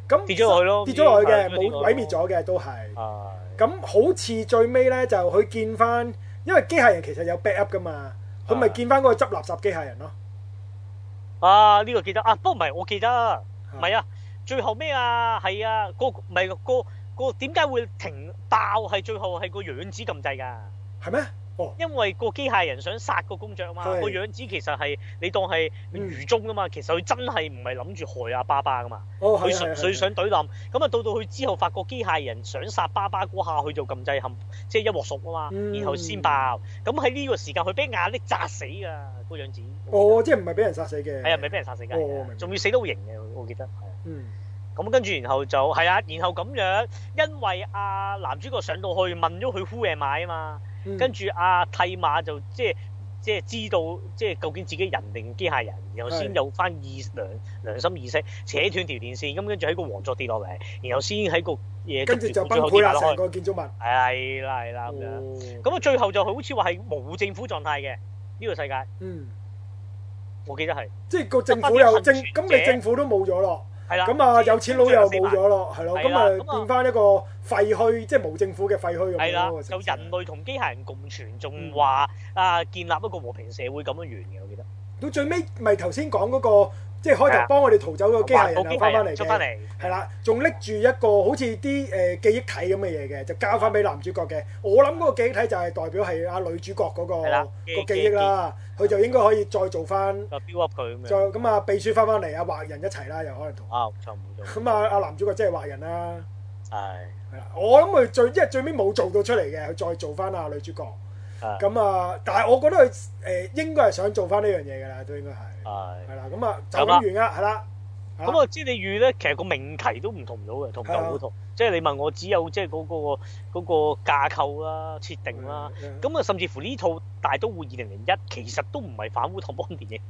係，跌咗落去咯，跌咗落去嘅，冇毀是滅咗嘅，都係。咁好似最尾咧，就佢見翻，因為機械人其實有 backup 噶嘛，佢咪的見翻嗰個執垃圾機械人咯。啊，呢、這個記得啊，不過唔係我記得，唔係的啊，最後咩啊，係啊，那個咪、啊那個、那個點解、那個、會停爆？係最後係個樣子咁滯㗎，係咩？因為個機械人想殺個公爵嘛，個樣子其實係你當係愚忠啊嘛，其實佢真係唔係諗住害阿爸爸噶嘛，佢純粹想懟冧，咁啊到到佢之後發覺機械人想殺爸爸嗰下，佢就撳掣冚，即係一鑊熟啊嘛，然後先爆，咁喺呢個時間佢俾瓦力砸死㗎個樣子。哦，即係唔係俾人殺死嘅？係啊，唔係俾人殺死㗎，仲要死都好型嘅，我記得。嗯，咁跟住然後就係啊，然後咁樣，因為阿男主角上到去問咗佢呼嘅買啊嘛。跟住阿蒂馬就即係即係知道即係究竟自己人定機械人，然後先有翻意的良良心意識，扯斷條電線，咁跟住喺個王座跌落嚟，然後先喺個嘢跟住就崩潰啦，成個建築物係啦係啦咁樣。咁啊，哦、最後就好似話係冇政府狀態嘅呢個世界。嗯，我記得係即係個政府又政咁，你政府都冇咗咯。係啦，咁啊有錢佬又冇咗咯，係咯，咁啊、嗯嗯、變翻一個廢墟，即係無政府嘅廢墟咁樣咯。有、嗯、人類同機械人共存，仲話啊建立一個和平社會咁樣完嘅，我記得。嗯、到最尾咪頭先講嗰個。即係開頭幫我哋逃走個機械人又翻翻嚟，係啦，仲拎住一個好似啲誒記憶體咁嘅嘢嘅，就交翻俾男主角嘅。我諗嗰個記憶體就係代表係阿女主角嗰、那個的個記憶啦，佢就應該可以再做翻、嗯嗯啊，就咁、哦嗯、啊，秘書翻翻嚟啊，畫人一齊啦，又可能同，咁啊，阿男主角即係畫人啦，係係啦，我諗佢最即係最尾冇做到出嚟嘅，佢再做翻阿、啊、女主角，咁啊、哎，但係我覺得佢誒、呃、應該係想做翻呢樣嘢㗎啦，都應該係。係，係啦，咁啊走完啦，係啦，咁啊，即你預咧，其實個命題都唔同到嘅，同舊烏託，即係你問我只有即係嗰個架構啦、設定啦，咁啊，甚至乎呢套大都會二零零一其實都唔係反烏托邦電影，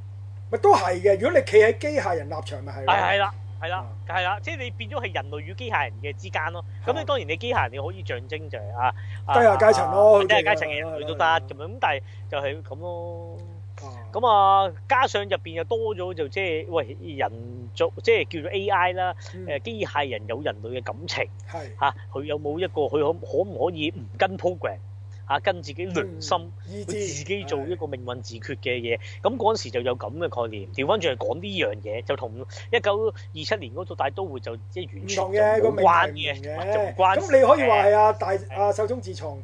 咪都係嘅。如果你企喺機械人立場咪係，係啦，係啦，係啦，即係你變咗係人類與機械人嘅之間咯。咁你當然你機械人你可以象徵就係啊低下階層咯，低下階層嘅人都得嘅咁，但係就係咁咯。咁啊、嗯，加上入邊又多咗就是、即係喂人造即係叫做 AI 啦、嗯，誒、啊、機械人有人類嘅感情，係嚇佢有冇一個佢可可唔可以唔跟 program 嚇、啊、跟自己良心，佢、嗯、自己做一個命運自決嘅嘢，咁嗰陣時就有咁嘅概念。調翻轉嚟講呢樣嘢，就同一九二七年嗰套大都會就即係完全冇關嘅，就唔關。咁你可以話係啊，大阿手塚自從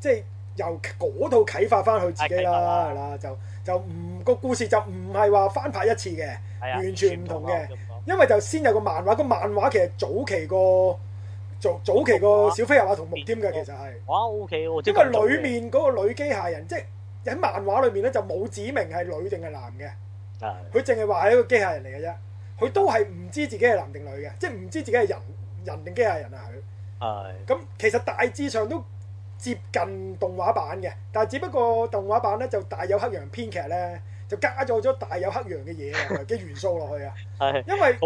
即係由嗰套啟發翻佢自己啦，係啦就。就唔、個故事就唔係話翻拍一次嘅，的完全唔同嘅。同因為就先有個漫畫，個漫畫其實早期個早早期個小飛俠呀同木添嘅其實係。哦哦、okay, 因為裡面嗰個女機械人，即係喺漫畫裏面咧就冇指明係女定係男嘅。佢淨係話係一個機械人嚟嘅啫。佢都係唔知自己係男定女嘅，即係唔知自己係人人定機械人啊佢。係。咁的其實大致上都。接近動畫版嘅，但係只不過動畫版咧就大有黑羊編劇咧就加咗咗大有黑羊嘅嘢嘅元素落去啊， 因為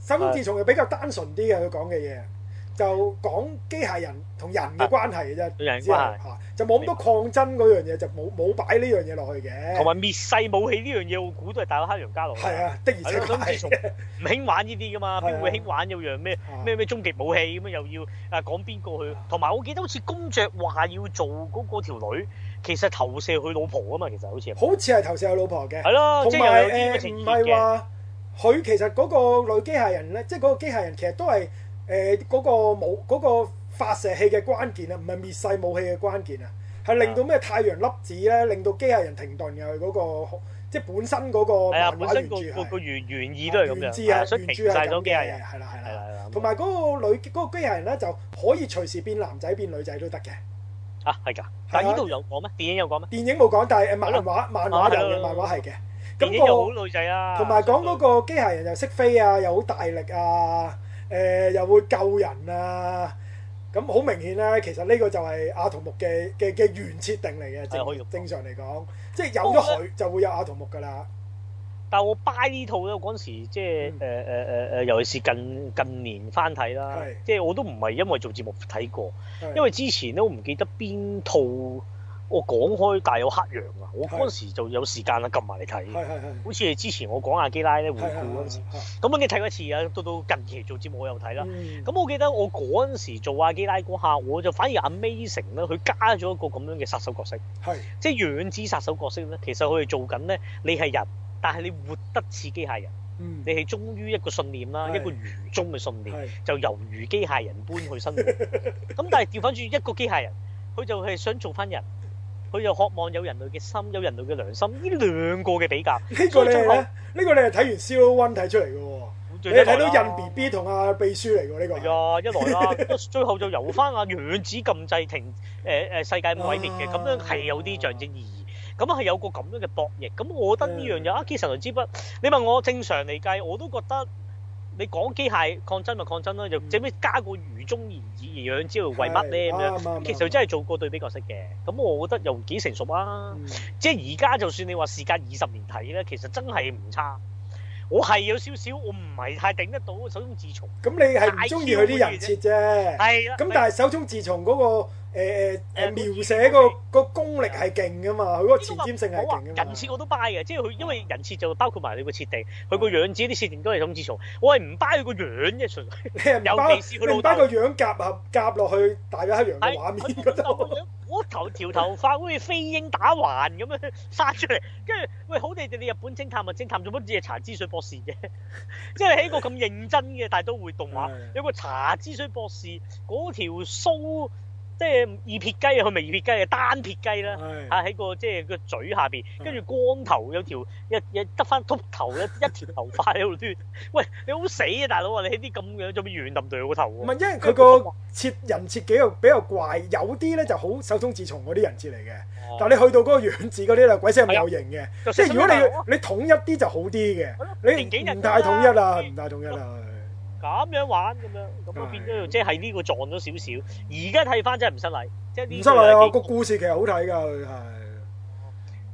神志松係比較單純啲嘅佢講嘅嘢。就講機械人同人嘅關係嘅啫後，咁啊係，就冇咁多抗爭嗰樣嘢，就冇冇擺呢樣嘢落去嘅。同埋滅世武器呢樣嘢，我估都係大黑羊家落嚟。啊，的而且確唔興玩呢啲噶嘛，邊、啊、會興玩有樣咩咩咩終極武器咁啊？又要啊講邊個去？同埋我記得好似公爵話要做嗰條女，其實投射佢老婆啊嘛，其實好似係。好似係投射佢老婆嘅。係咯、啊，有即係又有唔係話佢其實嗰個女機械人咧，即係嗰個機械人其實都係。誒嗰個武嗰個發射器嘅關鍵啊，唔係滅世武器嘅關鍵啊，係令到咩太陽粒子咧，令到機械人停頓嘅嗰個，即係本身嗰個。係啊，本身個原原意都係咁樣。原子啊，原子係、啊、機械人，係啦係啦。同埋嗰個女嗰個機械人咧，就可以隨時變男仔變女仔都得嘅。啊，係㗎。但係呢度有講咩？電影有講咩？電影冇講，但係誒漫畫漫畫有嘅，漫畫係嘅。電影又好女仔啊。同埋講嗰個機械人又識飛啊，又好大力啊。誒、呃、又會救人啊！咁好明顯啦，啊。其實呢個就係阿童木嘅嘅嘅原設定嚟嘅，是正可以正常嚟講，即係有咗佢就會有阿童木噶啦。但係我 buy 呢套咧，嗰陣時即係誒誒誒誒，尤其是近近年翻睇啦，是即係我都唔係因為做節目睇過，是因為之前都唔記得邊套。我講開大有黑羊啊！我嗰陣時就有時間啊，撳埋嚟睇。係係係。好似係之前我講阿基拉咧，回顧嗰陣時，咁我已睇過一次啊。到都近期做節目我又睇啦。咁我記得我嗰陣時做阿基拉嗰下，我就反而 amazing 咧，佢加咗一個咁樣嘅殺手角色。係。即係養子殺手角色咧，其實佢係做緊咧。你係人，但係你活得似機械人。你係忠於一個信念啦，一個愚忠嘅信念，就猶如機械人般去生活。咁但係調返轉一個機械人，佢就係想做翻人。佢就渴望有人類嘅心，有人類嘅良心，呢兩個嘅比較。呢個咧？呢個你係睇完《Zero One》睇出嚟嘅喎。對你睇到印 B B 同阿秘書嚟喎呢個。係啊，一來啦，最後就由翻阿楊子禁制停，誒、呃、誒世界毀滅嘅，咁樣係有啲象徵意義。咁啊，係有個咁樣嘅博弈。咁我覺得呢樣嘢啊，其實來之不，你問我正常嚟計，我都覺得。你講機械抗爭咪抗爭咯，就最尾加個餘中言言，仰之為乜咧咁樣？啊、其實真係做過對比角色嘅，咁、嗯、我覺得又幾成熟啊！嗯、即係而家就算你話時隔二十年睇咧，其實真係唔差。我係有少少，我唔係太頂得到。手中自從咁，你係唔中意佢啲人設啫。係啦的。咁但係手中自從嗰、那個誒誒、呃、的描寫個個的功力係勁噶嘛，佢嗰個前瞻性係勁噶嘛。人設我都 buy 嘅，即係佢因為人設就包括埋你個設定，佢個、嗯、樣子啲設定都係總自從。我係唔 buy 佢個樣啫，純粹。 你係唔 buy？唔 buy 個樣夾合夾落去，大約一樣嘅畫面嗰度。 禿頭條頭髮好似飛鷹打橫咁樣發出嚟，跟住喂好地哋你日本偵探、文、啊、偵探做乜嘢查之水博士啫？ 即係喺個咁認真嘅大都會動畫，有個查之水博士嗰條鬚。即係二撇雞啊，佢咪二撇雞啊，單撇雞啦嚇，喺是的、啊、個即係個嘴下邊，跟住光頭有條，一又得翻禿頭，一一條頭髮喺度端。喂，你好死啊，大佬啊，你喺啲咁樣做咩亂揼對個頭？唔係因為佢個設人設幾又比較怪，有啲咧就好手塚治虫嗰啲人設嚟嘅。的但係你去到嗰個樣子嗰啲就鬼死冇型嘅，的即係如果你你統一啲就好啲嘅。的你唔、啊、太統一啦，唔太統一啦。咁樣玩咁樣，咁啊變咗，即係呢個撞咗少少。而家睇翻真係唔失禮，禮即係唔失禮啊！個故事其實好睇㗎，佢係。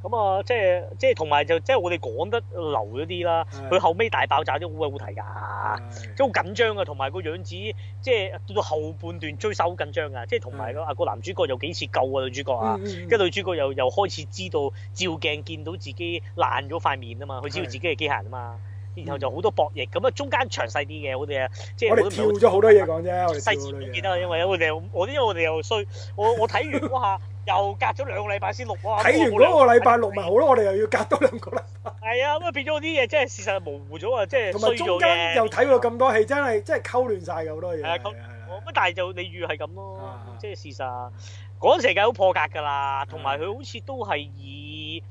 咁啊，即係即係同埋就即係我哋講得流咗啲啦。佢的後尾大爆炸啲好鬼好睇㗎，的即係好緊張㗎。同埋個樣子，即係到到後半段追手好緊張㗎。即係同埋個男主角又幾次救個、啊、女主角啊，跟住、嗯嗯嗯嗯、女主角又又開始知道照鏡見到自己爛咗塊面啊嘛，佢知道自己係機械人啊嘛。的然後就好多博弈，咁啊中間詳細啲嘅好多嘢，即係我哋跳咗好多嘢講啫。我哋細節唔記得啦，因為我哋我因為我哋又衰，我我睇完嗰下，又隔咗兩個禮拜先錄睇完嗰個禮拜錄咪好咯，我哋又要隔多兩個啦。係啊，咁啊變咗啲嘢，即係事實模糊咗啊！即係同埋中間又睇咗咁多戲，真係真係溝亂晒好多嘢。咁但係就你預係咁咯，即係事實。嗰陣時梗係好破格㗎啦，同埋佢好似都係以。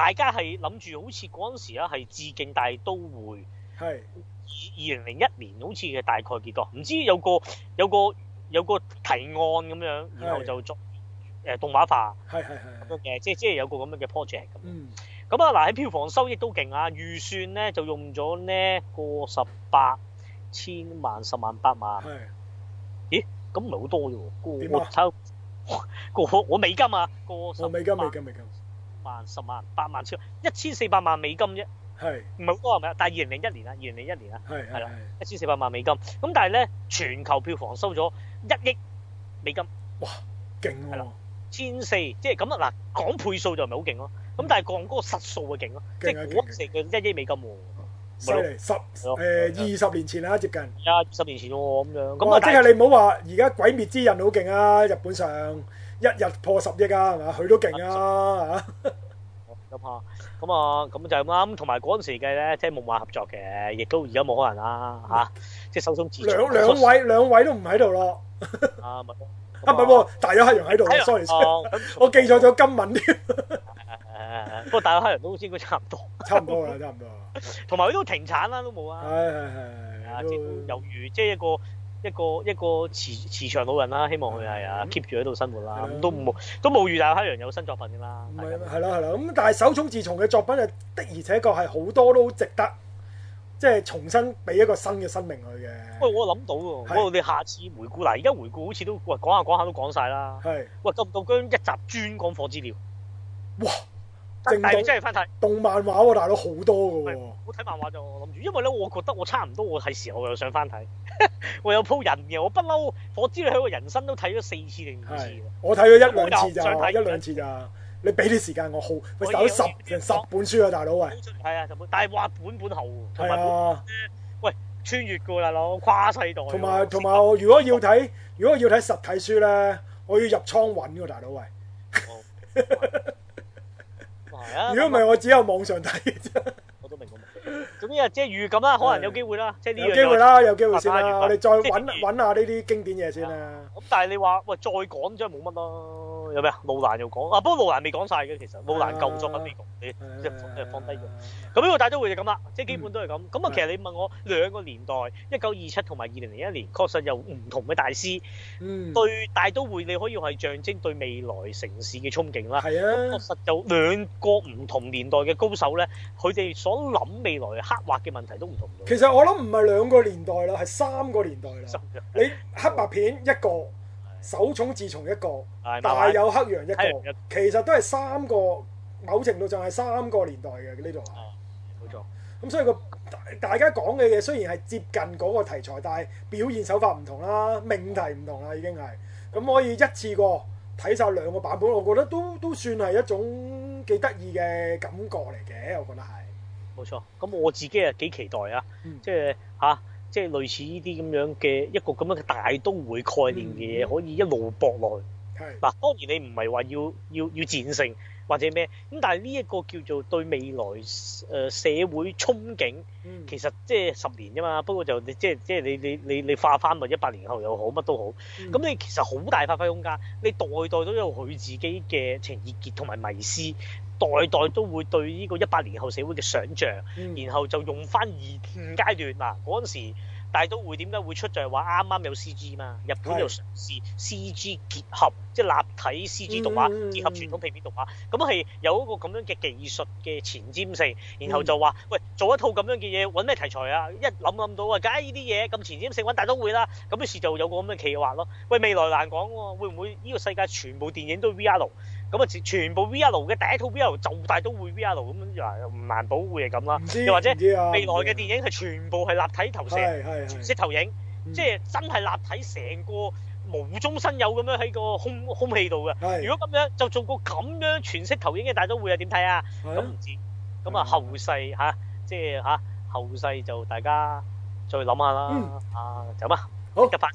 大家係諗住好似嗰陣時啦，係致敬，大都會係二零零一年，好似嘅大概幾多？唔知有個有個有個提案咁樣，然後就做誒動畫化，係係係誒，即係即係有個咁樣嘅 project 咁。咁、嗯嗯、啊嗱，喺、啊、票房收益都勁啊，預算咧就用咗呢個十八千萬十萬八萬。係，是咦？咁唔係好多喎，個我我美金啊，個十美金？萬十萬八萬千，一千四百萬美金啫，係唔係好多啊？咪？係，但係二零零一年啊，二零零一年啊，係係啦，一千四百萬美金，咁但係咧全球票房收咗一億美金，哇，勁係啦，千四，即係咁啊嗱，講倍數就唔係好勁咯，咁但係講嗰個實數啊勁咯，即係一億美金喎，十誒二十年前啦，接近，啊二十年前喎咁樣，咁啊即係你唔好話而家《鬼滅之刃》好勁啊，日本上。一日破十億啊，係嘛？佢都勁啊，咁、嗯、啊，咁就啱。同埋嗰陣時嘅咧，即係夢幻合作嘅，亦都而家冇可能啦，嚇！即係收收自兩兩位兩位都唔喺度咯。啊唔係，大友克洋喺度，sorry。我記錯咗，今敏添。不過大友克洋都先，佢差唔多。差唔多啦，差唔多。同埋佢都停產啦，都冇啊。係係係，啊，猶如即係一個。一個一個慈慈祥老人啦，希望佢係啊 keep 住喺度生活啦，咁、嗯、都冇都冇預到黑羊有新作品㗎啦。唔係係咯咁但係手塚治虫嘅作品啊，的而且確係好多都值得，即係重新俾一個新嘅生命佢嘅。喂，的我諗到喎，我哋下次回顧嗱，而家回顧好似都喂講下講下都講晒啦。係，的喂，到到將一集專講課資料，哇！正但係真係翻睇動漫畫喎大佬好多嘅喎。我睇漫畫就諗住，因為咧，我覺得我差唔多我，我係時候又想翻睇。我有鋪人嘅，我不嬲，我知你喺我人生都睇咗四次定五次。我睇咗一兩次就一兩次咋？你俾啲時間我好，大佬十十本書啊，大佬喂。係啊，十本，本本好。係啊，喂，穿越噶，大佬，跨世代。同埋同埋，如果要睇，如果要睇實體書咧，我要入倉搵個大佬喂。如果唔係，我只有網上睇。總之啊，即係預感啦，可能有機會啦，即係呢啲有機會啦，有機會，有機會先啦，錦我哋再揾揾的下呢啲經典嘢先啦。咁但係你話喂，再講真係冇乜咯。有咩啊？路蘭又講啊，不過路蘭未講晒嘅，其實路蘭舊作品未講，你一放低咗。咁呢、啊、個大都會就咁啦，即係基本都係咁。咁啊、嗯，其實你問我兩個年代，一九二七同埋二零零一年，確實有唔同嘅大師、嗯、對大都會，你可以話象徵對未來城市嘅憧憬啦。係啊、嗯，確實有兩個唔同年代嘅高手咧，佢哋、嗯、所諗未來刻畫嘅問題都唔同。其實我諗唔係兩個年代啦，係三個年代啦。 你黑白片一個。手塚治虫一個，是大友克洋一個，一其實都係三個，某程度上係三個年代嘅呢度。哦，冇、啊、錯。咁所以個大家講嘅嘢雖然係接近嗰個題材，但係表現手法唔同啦，命題唔同啦，已經係。咁可以一次過睇晒兩個版本，我覺得都都算係一種幾得意嘅感覺嚟嘅，我覺得係。冇錯。咁我自己啊幾期待啊，嗯、即係嚇。即係類似呢啲咁樣嘅一個咁樣嘅大都會概念嘅嘢，可以一路搏落去。係嗱的，當然你唔係話要要要戰勝。或者咩咁？但係呢一個叫做對未來誒、呃、社會憧憬，其實即係十年啫、就是就是、嘛。不過就你即係即係你你你你化翻咪一百年後又好乜都好。咁你、嗯嗯、其實好大發揮空間。你代代都有佢自己嘅情意結同埋迷思，代代都會對呢個一百年後社會嘅想像，然後就用翻二、二階段嗱嗰陣時。大都會點解會出就係話啱啱有 CG 嘛？日本又嘗試 CG 結合，是即係立體 CG 動畫、嗯、結合傳統平面動畫，咁係、嗯、有一個咁樣嘅技術嘅前瞻性，然後就話、嗯、喂，做一套咁樣嘅嘢，揾咩題材啊？一諗諗到啊，梗係呢啲嘢咁前瞻性，揾大都會啦。咁於是就有個咁樣嘅企劃咯。喂，未來難講喎，會唔會呢個世界全部電影都 VR？咁啊，全部 V R 嘅第一套 V R 就大都會 V R 咁，又唔難保會係咁啦。又或者未來嘅電影係全部係立體投射、全息投影，即係真係立體成個無中生有咁樣喺個空空氣度嘅。是如果咁樣就做個咁樣全息投影嘅大都會啊，點睇啊？係。咁唔知。咁的啊，後世嚇，即係嚇後世就大家再諗下啦。嗯、啊，走啦。好。繼續反